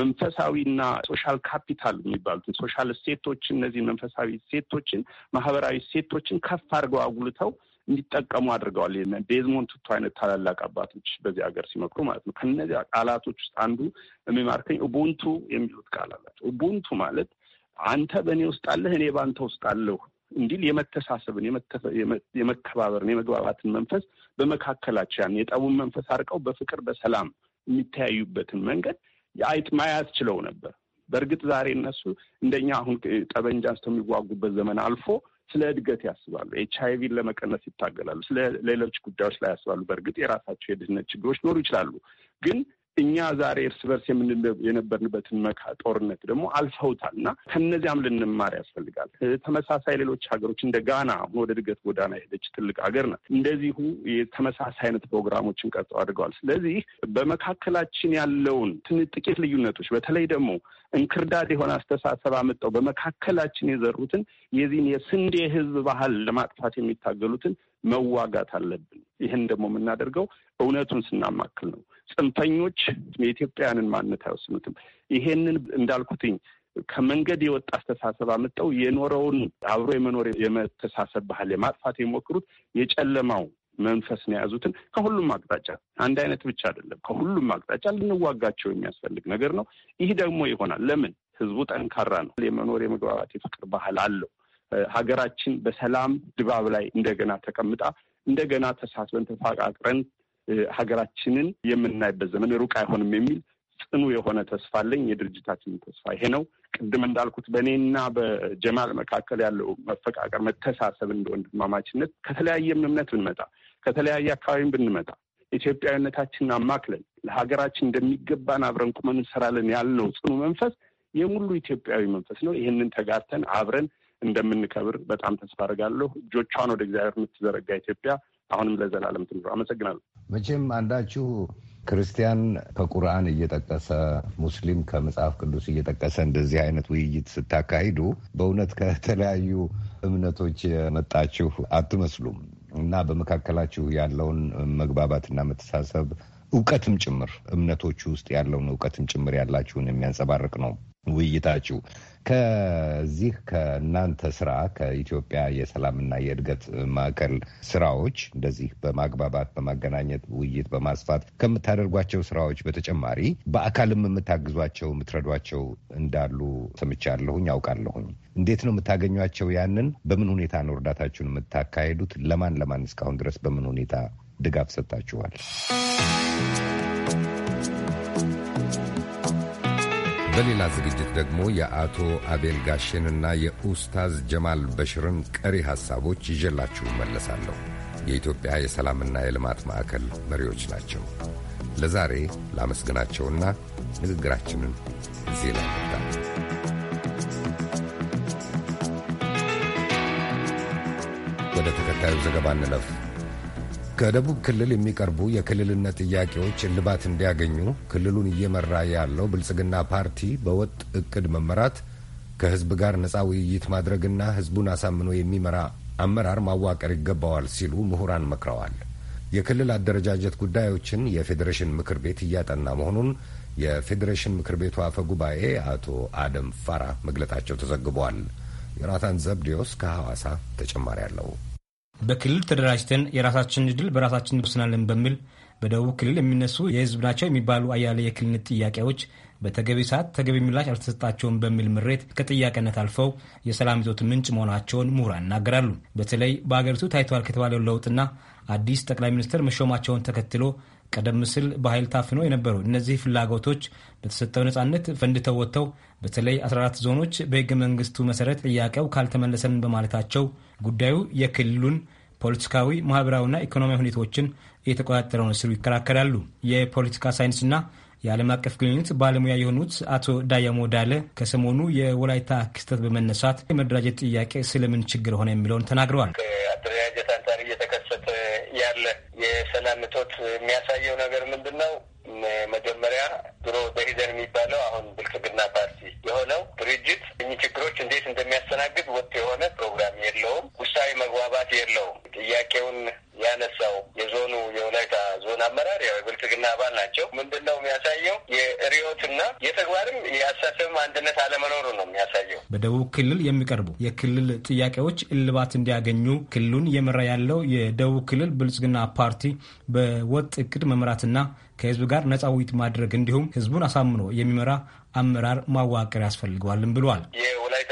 መንፈሳዊና ሶሻል ካፒታል የሚባሉትን ሶሻል እሴቶችን እነዚህ መንፈሳዊ እሴቶችን፣ ማህበራዊ እሴቶችን ከፍ አድርገው አጉልተው እንዲጠቀሙ አድርገዋል። ቤዝሞንት ቱ አይነት ታላላቅ አባቶች በዚህ ሀገር ሲመክሩ ማለት ነው። ከነዚህ ቃላቶች ውስጥ አንዱ የሚማርከኝ ኡቡንቱ የሚሉት ቃል አላቸው። ኡቡንቱ ማለት አንተ በእኔ ውስጥ አለህ፣ እኔ በአንተ ውስጥ አለሁ እንዲል የመተሳሰብን፣ የመከባበርን፣ የመግባባትን መንፈስ በመካከላቸው ያን የጠቡን መንፈስ አርቀው በፍቅር በሰላም የሚተያዩበትን መንገድ አይጥ ማያዝ ችለው ነበር። በእርግጥ ዛሬ እነሱ እንደኛ አሁን ጠበንጃ የሚዋጉበት ዘመን አልፎ ስለ እድገት ያስባሉ፣ ኤች አይ ቪን ለመቀነስ ይታገላሉ፣ ስለ ሌሎች ጉዳዮች ላይ ያስባሉ። በእርግጥ የራሳቸው የድህነት ችግሮች ኖሩ ይችላሉ ግን እኛ ዛሬ እርስ በርስ የነበርንበትን መካ ጦርነት ደግሞ አልፈውታል እና ከነዚያም ልንማር ያስፈልጋል። ተመሳሳይ ሌሎች ሀገሮች እንደ ጋና ወደ እድገት ጎዳና የሄደች ትልቅ ሀገር ናት። እንደዚሁ የተመሳሳይ አይነት ፕሮግራሞችን ቀርጸው አድርገዋል። ስለዚህ በመካከላችን ያለውን ጥቂት ልዩነቶች በተለይ ደግሞ እንክርዳድ የሆነ አስተሳሰብ አመጣው በመካከላችን የዘሩትን የዚህን የስንዴ ህዝብ ባህል ለማጥፋት የሚታገሉትን መዋጋት አለብን። ይህን ደግሞ የምናደርገው እውነቱን ስናማክል ነው። ጽንፈኞች የኢትዮጵያውያንን ማንነት አይወስኑትም። ይሄንን እንዳልኩትኝ ከመንገድ የወጣ አስተሳሰብ አመጠው የኖረውን አብሮ የመኖር የመተሳሰብ ባህል የማጥፋት የሞክሩት የጨለማው መንፈስ ነው የያዙትን ከሁሉም አቅጣጫ አንድ አይነት ብቻ አይደለም፣ ከሁሉም አቅጣጫ ልንዋጋቸው የሚያስፈልግ ነገር ነው። ይህ ደግሞ ይሆናል። ለምን ህዝቡ ጠንካራ ነው። የመኖር የመግባባት፣ የፍቅር ባህል አለው። ሀገራችን በሰላም ድባብ ላይ እንደገና ተቀምጣ እንደገና ተሳስበን ተፋቃቅረን ሀገራችንን የምናይበት ዘመን ሩቅ አይሆንም የሚል ጽኑ የሆነ ተስፋ አለኝ። የድርጅታችንን ተስፋ ይሄ ነው። ቅድም እንዳልኩት በእኔና በጀማል መካከል ያለው መፈቃቀር፣ መተሳሰብ፣ እንደ ወንድማማችነት ከተለያየም እምነት ብንመጣ ከተለያየ አካባቢም ብንመጣ ኢትዮጵያዊነታችንን አማክለን ለሀገራችን እንደሚገባን አብረን ቁመን እንሰራለን ያልነው ጽኑ መንፈስ የሙሉ ኢትዮጵያዊ መንፈስ ነው። ይህንን ተጋርተን አብረን እንደምንከብር በጣም ተስፋ አድርጋለሁ። እጆቿን ወደ እግዚአብሔር የምትዘረጋ ኢትዮጵያ አሁንም ለዘላለም ትኑር። አመሰግናለሁ። መቼም አንዳችሁ ክርስቲያን ከቁርአን እየጠቀሰ ሙስሊም ከመጽሐፍ ቅዱስ እየጠቀሰ እንደዚህ አይነት ውይይት ስታካሂዱ በእውነት ከተለያዩ እምነቶች የመጣችሁ አትመስሉም እና በመካከላችሁ ያለውን መግባባትና መተሳሰብ እውቀትም ጭምር እምነቶቹ ውስጥ ያለውን እውቀትም ጭምር ያላችሁን የሚያንጸባርቅ ነው። ውይይታችሁ ከዚህ ከእናንተ ስራ ከኢትዮጵያ የሰላምና የእድገት ማዕከል ስራዎች እንደዚህ በማግባባት በማገናኘት ውይይት በማስፋት ከምታደርጓቸው ስራዎች በተጨማሪ በአካልም የምታግዟቸው የምትረዷቸው እንዳሉ ሰምቻለሁኝ አውቃለሁኝ። እንዴት ነው የምታገኟቸው? ያንን በምን ሁኔታ ነው እርዳታችሁን የምታካሄዱት? ለማን ለማን እስካሁን ድረስ በምን ሁኔታ ድጋፍ ሰጥታችኋል? በሌላ ዝግጅት ደግሞ የአቶ አቤል ጋሼንና የኡስታዝ ጀማል በሽርን ቀሪ ሐሳቦች ይዤላችሁ መለሳለሁ። የኢትዮጵያ የሰላምና የልማት ማዕከል መሪዎች ናቸው። ለዛሬ ላመስግናቸውና ንግግራችንን እዚህ ላይ ወደ ተከታዩ ዘገባ እንለፍ። ከደቡብ ክልል የሚቀርቡ የክልልነት ጥያቄዎች እልባት እንዲያገኙ ክልሉን እየመራ ያለው ብልጽግና ፓርቲ በወጥ እቅድ መመራት ከህዝብ ጋር ነፃ ውይይት ማድረግና ህዝቡን አሳምኖ የሚመራ አመራር ማዋቀር ይገባዋል ሲሉ ምሁራን መክረዋል። የክልል አደረጃጀት ጉዳዮችን የፌዴሬሽን ምክር ቤት እያጠና መሆኑን የፌዴሬሽን ምክር ቤቱ አፈ ጉባኤ አቶ አደም ፋራ መግለጣቸው ተዘግቧል። ዮናታን ዘብዴዎስ ከሐዋሳ ተጨማሪ አለው። በክልል ተደራጅተን የራሳችን ድል በራሳችን እንወስናለን በሚል በደቡብ ክልል የሚነሱ የህዝብ ናቸው የሚባሉ አያሌ የክልልነት ጥያቄዎች በተገቢ ሰዓት ተገቢ ምላሽ አልተሰጣቸውም በሚል ምሬት ከጥያቄነት አልፈው የሰላም ይዞት ምንጭ መሆናቸውን ምሁራን ይናገራሉ። በተለይ በአገሪቱ ታይቷል ከተባለው ለውጥና አዲስ ጠቅላይ ሚኒስትር መሾማቸውን ተከትሎ ቀደም ሲል በኃይል ታፍኖ የነበሩ እነዚህ ፍላጎቶች በተሰጠው ነጻነት ፈንድተው ወጥተው በተለይ 14 ዞኖች በሕገ መንግስቱ መሰረት ጥያቄው ካልተመለሰን በማለታቸው ጉዳዩ የክልሉን ፖለቲካዊ፣ ማህበራዊና ኢኮኖሚያዊ ሁኔታዎችን እየተቆጣጠረው ነው ሲሉ ይከራከራሉ። የፖለቲካ ሳይንስና የዓለም አቀፍ ግንኙነት ባለሙያ የሆኑት አቶ ዳያሞ ዳለ ከሰሞኑ የወላይታ ክስተት በመነሳት የመደራጀት ጥያቄ ስለምን ችግር ሆነ የሚለውን ተናግረዋል። ከአደረጃጀት አንጻር እየተከ ያለ የሰላም እጦት የሚያሳየው ነገር ምንድን ነው? መጀመሪያ ድሮ በሂደን የሚባለው አሁን ብልጽግና ፓርቲ የሆነው ድርጅት እኚህ ችግሮች እንዴት እንደሚያስተናግድ ወጥ የሆነ ፕሮግራም የለውም። ውሳዊ መግባባት የለውም። ጥያቄውን ያነሳው የዞኑ የወላይታ ዞን አመራር ያው የብልጽግና አባል ናቸው። ምንድን ነው የሚያሳየው የርዕዮትና የተግባርም የአሳሰብም አንድነት አለመኖሩ ነው የሚያሳየው። በደቡብ ክልል የሚቀርቡ የክልል ጥያቄዎች እልባት እንዲያገኙ ክልሉን እየመራ ያለው የደቡብ ክልል ብልጽግና ፓርቲ በወጥ እቅድ መምራትና ከህዝብ ጋር ነጻ ውይይት ማድረግ እንዲሁም ህዝቡን አሳምኖ የሚመራ አመራር ማዋቀር ያስፈልገዋልም ብሏል። የወላይታ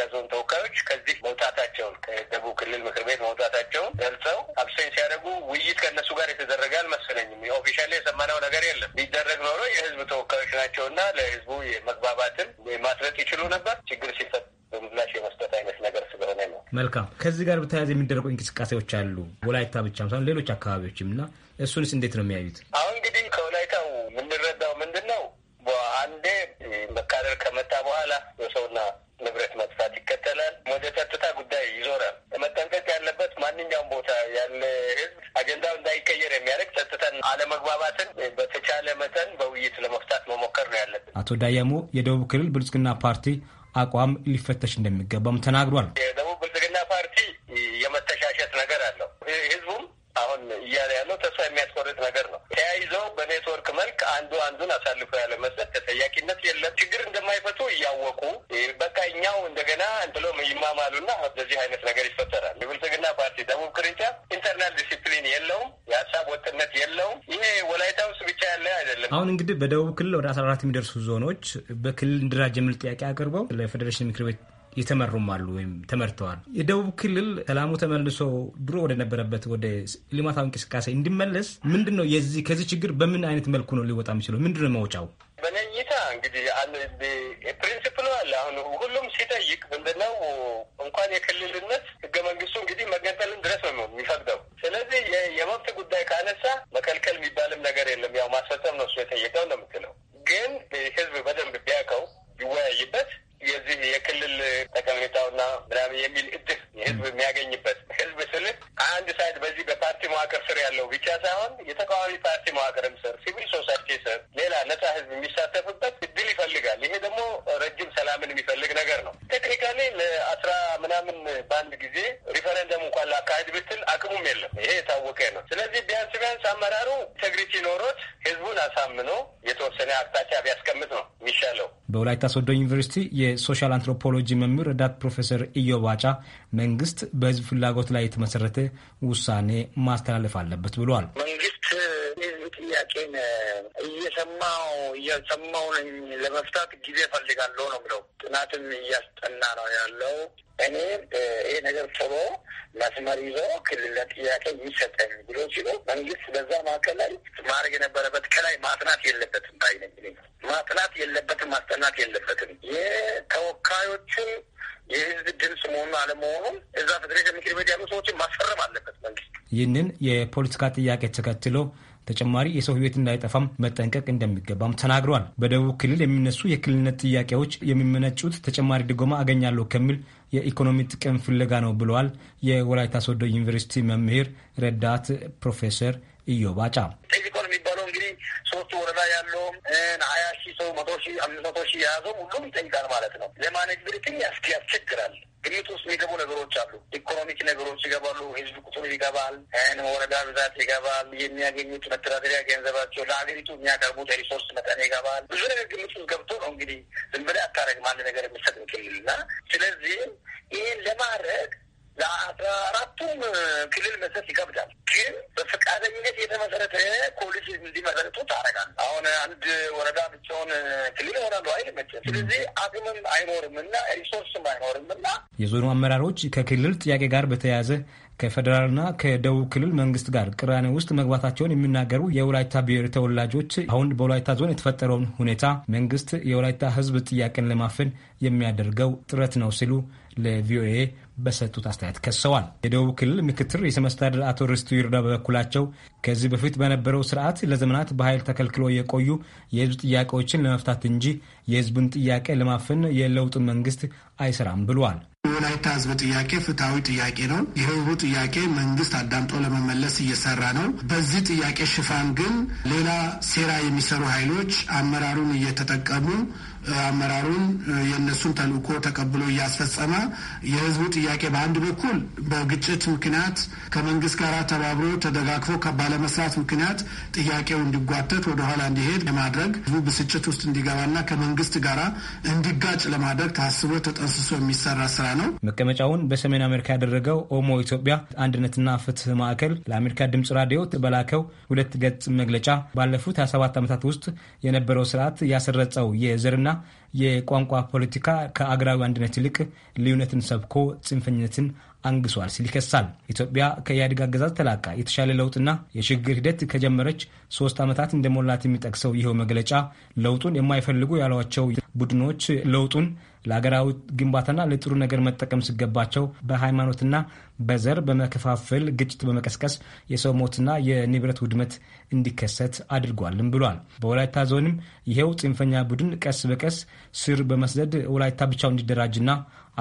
ጋር የተደረገ አልመሰለኝም። የኦፊሻል የሰማነው ነገር የለም። ቢደረግ ኖሮ የህዝብ ተወካዮች ናቸው እና ለህዝቡ የመግባባትን ማስረት ይችሉ ነበር። ችግር ሲፈጥ በምላሽ የመስጠት አይነት ነገር ስለሆነ ነው። መልካም። ከዚህ ጋር በተያያዘ የሚደረጉ እንቅስቃሴዎች አሉ። ወላይታ ብቻ ሳይሆን ሌሎች አካባቢዎችም እና እሱንስ እንዴት ነው የሚያዩት? አሁን አቶ ዳያሞ የደቡብ ክልል ብልጽግና ፓርቲ አቋም ሊፈተሽ እንደሚገባም ተናግሯል። በደቡብ ክልል ወደ 14 የሚደርሱ ዞኖች በክልል እንድራጅ የሚል ጥያቄ አቅርበው ለፌዴሬሽን ምክር ቤት የተመሩም አሉ ወይም ተመርተዋል። የደቡብ ክልል ሰላሙ ተመልሶ ድሮ ወደነበረበት ወደ ልማታዊ እንቅስቃሴ እንዲመለስ ምንድን ነው የዚህ ከዚህ ችግር በምን አይነት መልኩ ነው ሊወጣ የሚችለው? ምንድን ነው መውጫው? በእኔ እይታ እንግዲህ ፕሪንሲፕሉ አለ። አሁን ሁሉም ሲጠይቅ ምንድነው እንኳን የክልልነት ህገ መንግስቱ እንግዲህ መገንጠልን ድረስ ነው የሚፈቅደው። ስለዚህ የመብት ካነሳ መከልከል የሚባልም ነገር የለም። ያው ማስፈጸም ነው እሱ የጠየቀው ነው የምትለው ግን ህዝብ በደንብ ወላይታ ሶዶ ዩኒቨርሲቲ የሶሻል አንትሮፖሎጂ መምህር ረዳት ፕሮፌሰር እዮ ባጫ መንግስት በህዝብ ፍላጎት ላይ የተመሰረተ ውሳኔ ማስተላለፍ አለበት ብሏል። መንግስት የህዝብ ጥያቄን እየሰማው እያልሰማው ነኝ ለመፍታት ጊዜ ፈልጋለሁ ነው ብለው ጥናትም እያስጠና ነው ያለው። እኔ ይህ ነገር ጥሎ መስመር ይዞ ክልል ጥያቄ ይሰጠኝ ብሎ ሲሉ መንግስት በዛ ማዕከል ላይ ማድረግ የነበረበት ከላይ ማጥናት የለበትም ባይነኝ ማጥናት የለበትም፣ ማስጠናት የለበትም። የተወካዮችን የህዝብ ድምፅ መሆኑ አለመሆኑም እዛ ፌዴሬሽን ምክር ቤት ያሉ ሰዎችን ማስፈረም አለበት መንግስት። ይህንን የፖለቲካ ጥያቄ ተከትሎ ተጨማሪ የሰው ህይወት እንዳይጠፋም መጠንቀቅ እንደሚገባም ተናግሯል በደቡብ ክልል የሚነሱ የክልልነት ጥያቄዎች የሚመነጩት ተጨማሪ ድጎማ አገኛለሁ ከሚል የኢኮኖሚ ጥቅም ፍለጋ ነው ብለዋል። የወላይታ ሶዶ ዩኒቨርሲቲ መምህር ረዳት ፕሮፌሰር ኢዮባጫ ሶስት ወረዳ ያለውም ሀያ ሺህ ሰው መቶ ሺህ አምስት መቶ ሺህ የያዘው ሁሉም ይጠይቃል ማለት ነው። የማኔጅብሪቲ ያስ ያስቸግራል። ግምት ውስጥ የሚገቡ ነገሮች አሉ። ኢኮኖሚክ ነገሮች ይገባሉ። ህዝብ ቁጥሩ ይገባል። ወረዳ ብዛት ይገባል። የሚያገኙት መተዳደሪያ ገንዘባቸው ለሀገሪቱ የሚያቀርቡት ሪሶርስ መጠን ይገባል። ብዙ ነገር ግምት ውስጥ ገብቶ ነው እንግዲህ ዝም ብለህ አታረግም አንድ ነገር የሚሰጥ ክልል እና ስለዚህ ይህን ለማድረግ ለአስራ አራቱም ክልል መስጠት ይከብዳል። ግን በፈቃደኝነት የተመሰረተ እንዲመለክቱ ታደርጋለህ። አሁን አንድ ወረዳ ብቻውን ክልል ስለዚህ አቅምም አይኖርም እና ሪሶርስም አይኖርም እና የዞኑ አመራሮች ከክልል ጥያቄ ጋር በተያያዘ ከፌዴራልና ከደቡብ ክልል መንግስት ጋር ቅራኔ ውስጥ መግባታቸውን የሚናገሩ የወላይታ ብሔር ተወላጆች አሁን በወላይታ ዞን የተፈጠረውን ሁኔታ መንግስት የወላይታ ሕዝብ ጥያቄን ለማፈን የሚያደርገው ጥረት ነው ሲሉ ለቪኦኤ በሰጡት አስተያየት ከሰዋል። የደቡብ ክልል ምክትል ርዕሰ መስተዳድር አቶ ርስቱ ይርዳ በበኩላቸው ከዚህ በፊት በነበረው ስርዓት ለዘመናት በኃይል ተከልክሎ የቆዩ የህዝብ ጥያቄዎችን ለመፍታት እንጂ የህዝቡን ጥያቄ ለማፈን የለውጥ መንግስት አይሰራም ብሏል። የወላይታ ህዝብ ጥያቄ ፍትሐዊ ጥያቄ ነው። የህዝቡ ጥያቄ መንግስት አዳምጦ ለመመለስ እየሰራ ነው። በዚህ ጥያቄ ሽፋን ግን ሌላ ሴራ የሚሰሩ ኃይሎች አመራሩን እየተጠቀሙ አመራሩን የእነሱን ተልእኮ ተቀብሎ እያስፈጸመ የህዝቡ ጥያቄ በአንድ በኩል በግጭት ምክንያት ከመንግስት ጋር ተባብሮ ተደጋግፎ ባለመስራት ምክንያት ጥያቄው እንዲጓተት ወደኋላ እንዲሄድ ለማድረግ ህዝቡ ብስጭት ውስጥ እንዲገባና ከመንግስት ጋር እንዲጋጭ ለማድረግ ታስቦ ተጠንስሶ የሚሰራ ስራ ነው። መቀመጫውን በሰሜን አሜሪካ ያደረገው ኦሞ ኢትዮጵያ አንድነትና ፍትህ ማዕከል ለአሜሪካ ድምጽ ራዲዮ በላከው ሁለት ገጽ መግለጫ ባለፉት 27 ዓመታት ውስጥ የነበረው ስርዓት ያሰረጸው የዘርና የቋንቋ ፖለቲካ ከአገራዊ አንድነት ይልቅ ልዩነትን ሰብኮ ጽንፈኝነትን አንግሷል ሲል ይከሳል። ኢትዮጵያ ከኢህአዴግ አገዛዝ ተላቃ የተሻለ ለውጥና የሽግግር ሂደት ከጀመረች ሶስት ዓመታት እንደሞላት የሚጠቅሰው ይኸው መግለጫ ለውጡን የማይፈልጉ ያሏቸው ቡድኖች ለውጡን ለሀገራዊ ግንባታና ለጥሩ ነገር መጠቀም ሲገባቸው በሃይማኖትና በዘር በመከፋፈል ግጭት በመቀስቀስ የሰው ሞትና የንብረት ውድመት እንዲከሰት አድርጓልም ብሏል። በወላይታ ዞንም ይኸው ጽንፈኛ ቡድን ቀስ በቀስ ስር በመስደድ ወላይታ ብቻው እንዲደራጅና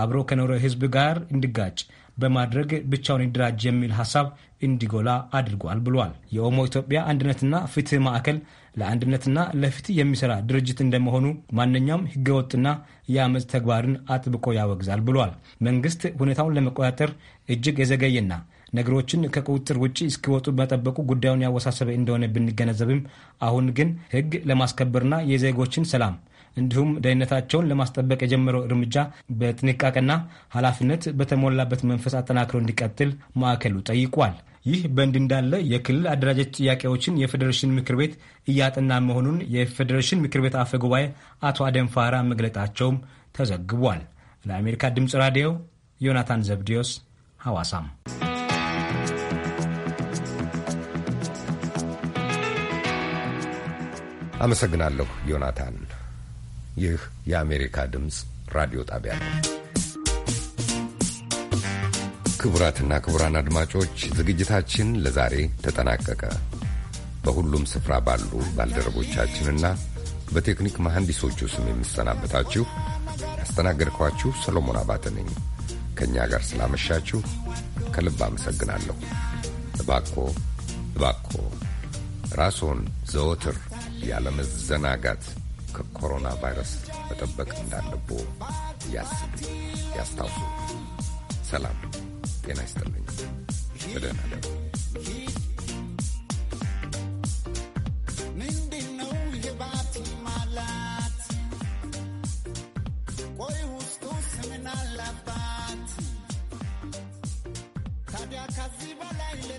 አብሮ ከኖረ ህዝብ ጋር እንዲጋጭ በማድረግ ብቻውን ይደራጅ የሚል ሀሳብ እንዲጎላ አድርጓል ብሏል። የኦሞ ኢትዮጵያ አንድነትና ፍትህ ማዕከል ለአንድነትና ለፍትህ የሚሰራ ድርጅት እንደመሆኑ ማንኛውም ህገወጥና የአመፅ ተግባርን አጥብቆ ያወግዛል ብሏል። መንግስት ሁኔታውን ለመቆጣጠር እጅግ የዘገየና ነገሮችን ከቁጥጥር ውጭ እስኪወጡ መጠበቁ ጉዳዩን ያወሳሰበ እንደሆነ ብንገነዘብም አሁን ግን ህግ ለማስከበርና የዜጎችን ሰላም እንዲሁም ደህንነታቸውን ለማስጠበቅ የጀመረው እርምጃ በጥንቃቄና ኃላፊነት በተሞላበት መንፈስ አጠናክሮ እንዲቀጥል ማዕከሉ ጠይቋል። ይህ በእንዲህ እንዳለ የክልል አደራጀት ጥያቄዎችን የፌዴሬሽን ምክር ቤት እያጠና መሆኑን የፌዴሬሽን ምክር ቤት አፈ ጉባኤ አቶ አደንፋራ መግለጣቸውም ተዘግቧል። ለአሜሪካ ድምፅ ራዲዮ ዮናታን ዘብዲዮስ ሐዋሳም አመሰግናለሁ ዮናታን። ይህ የአሜሪካ ድምፅ ራዲዮ ጣቢያ ነው። ክቡራትና ክቡራን አድማጮች ዝግጅታችን ለዛሬ ተጠናቀቀ። በሁሉም ስፍራ ባሉ ባልደረቦቻችንና በቴክኒክ መሐንዲሶቹ ስም የምሰናበታችሁ ያስተናገድኳችሁ ሰሎሞን አባተ ነኝ። ከእኛ ጋር ስላመሻችሁ ከልብ አመሰግናለሁ። እባኮ እባኮ ራስዎን ዘወትር ያለመዘናጋት ከኮሮና ቫይረስ መጠበቅ እንዳለቦ ያስቡ፣ ያስታውሱ። ሰላም ጤና ይስጥልኝ። በደህና ደሩ።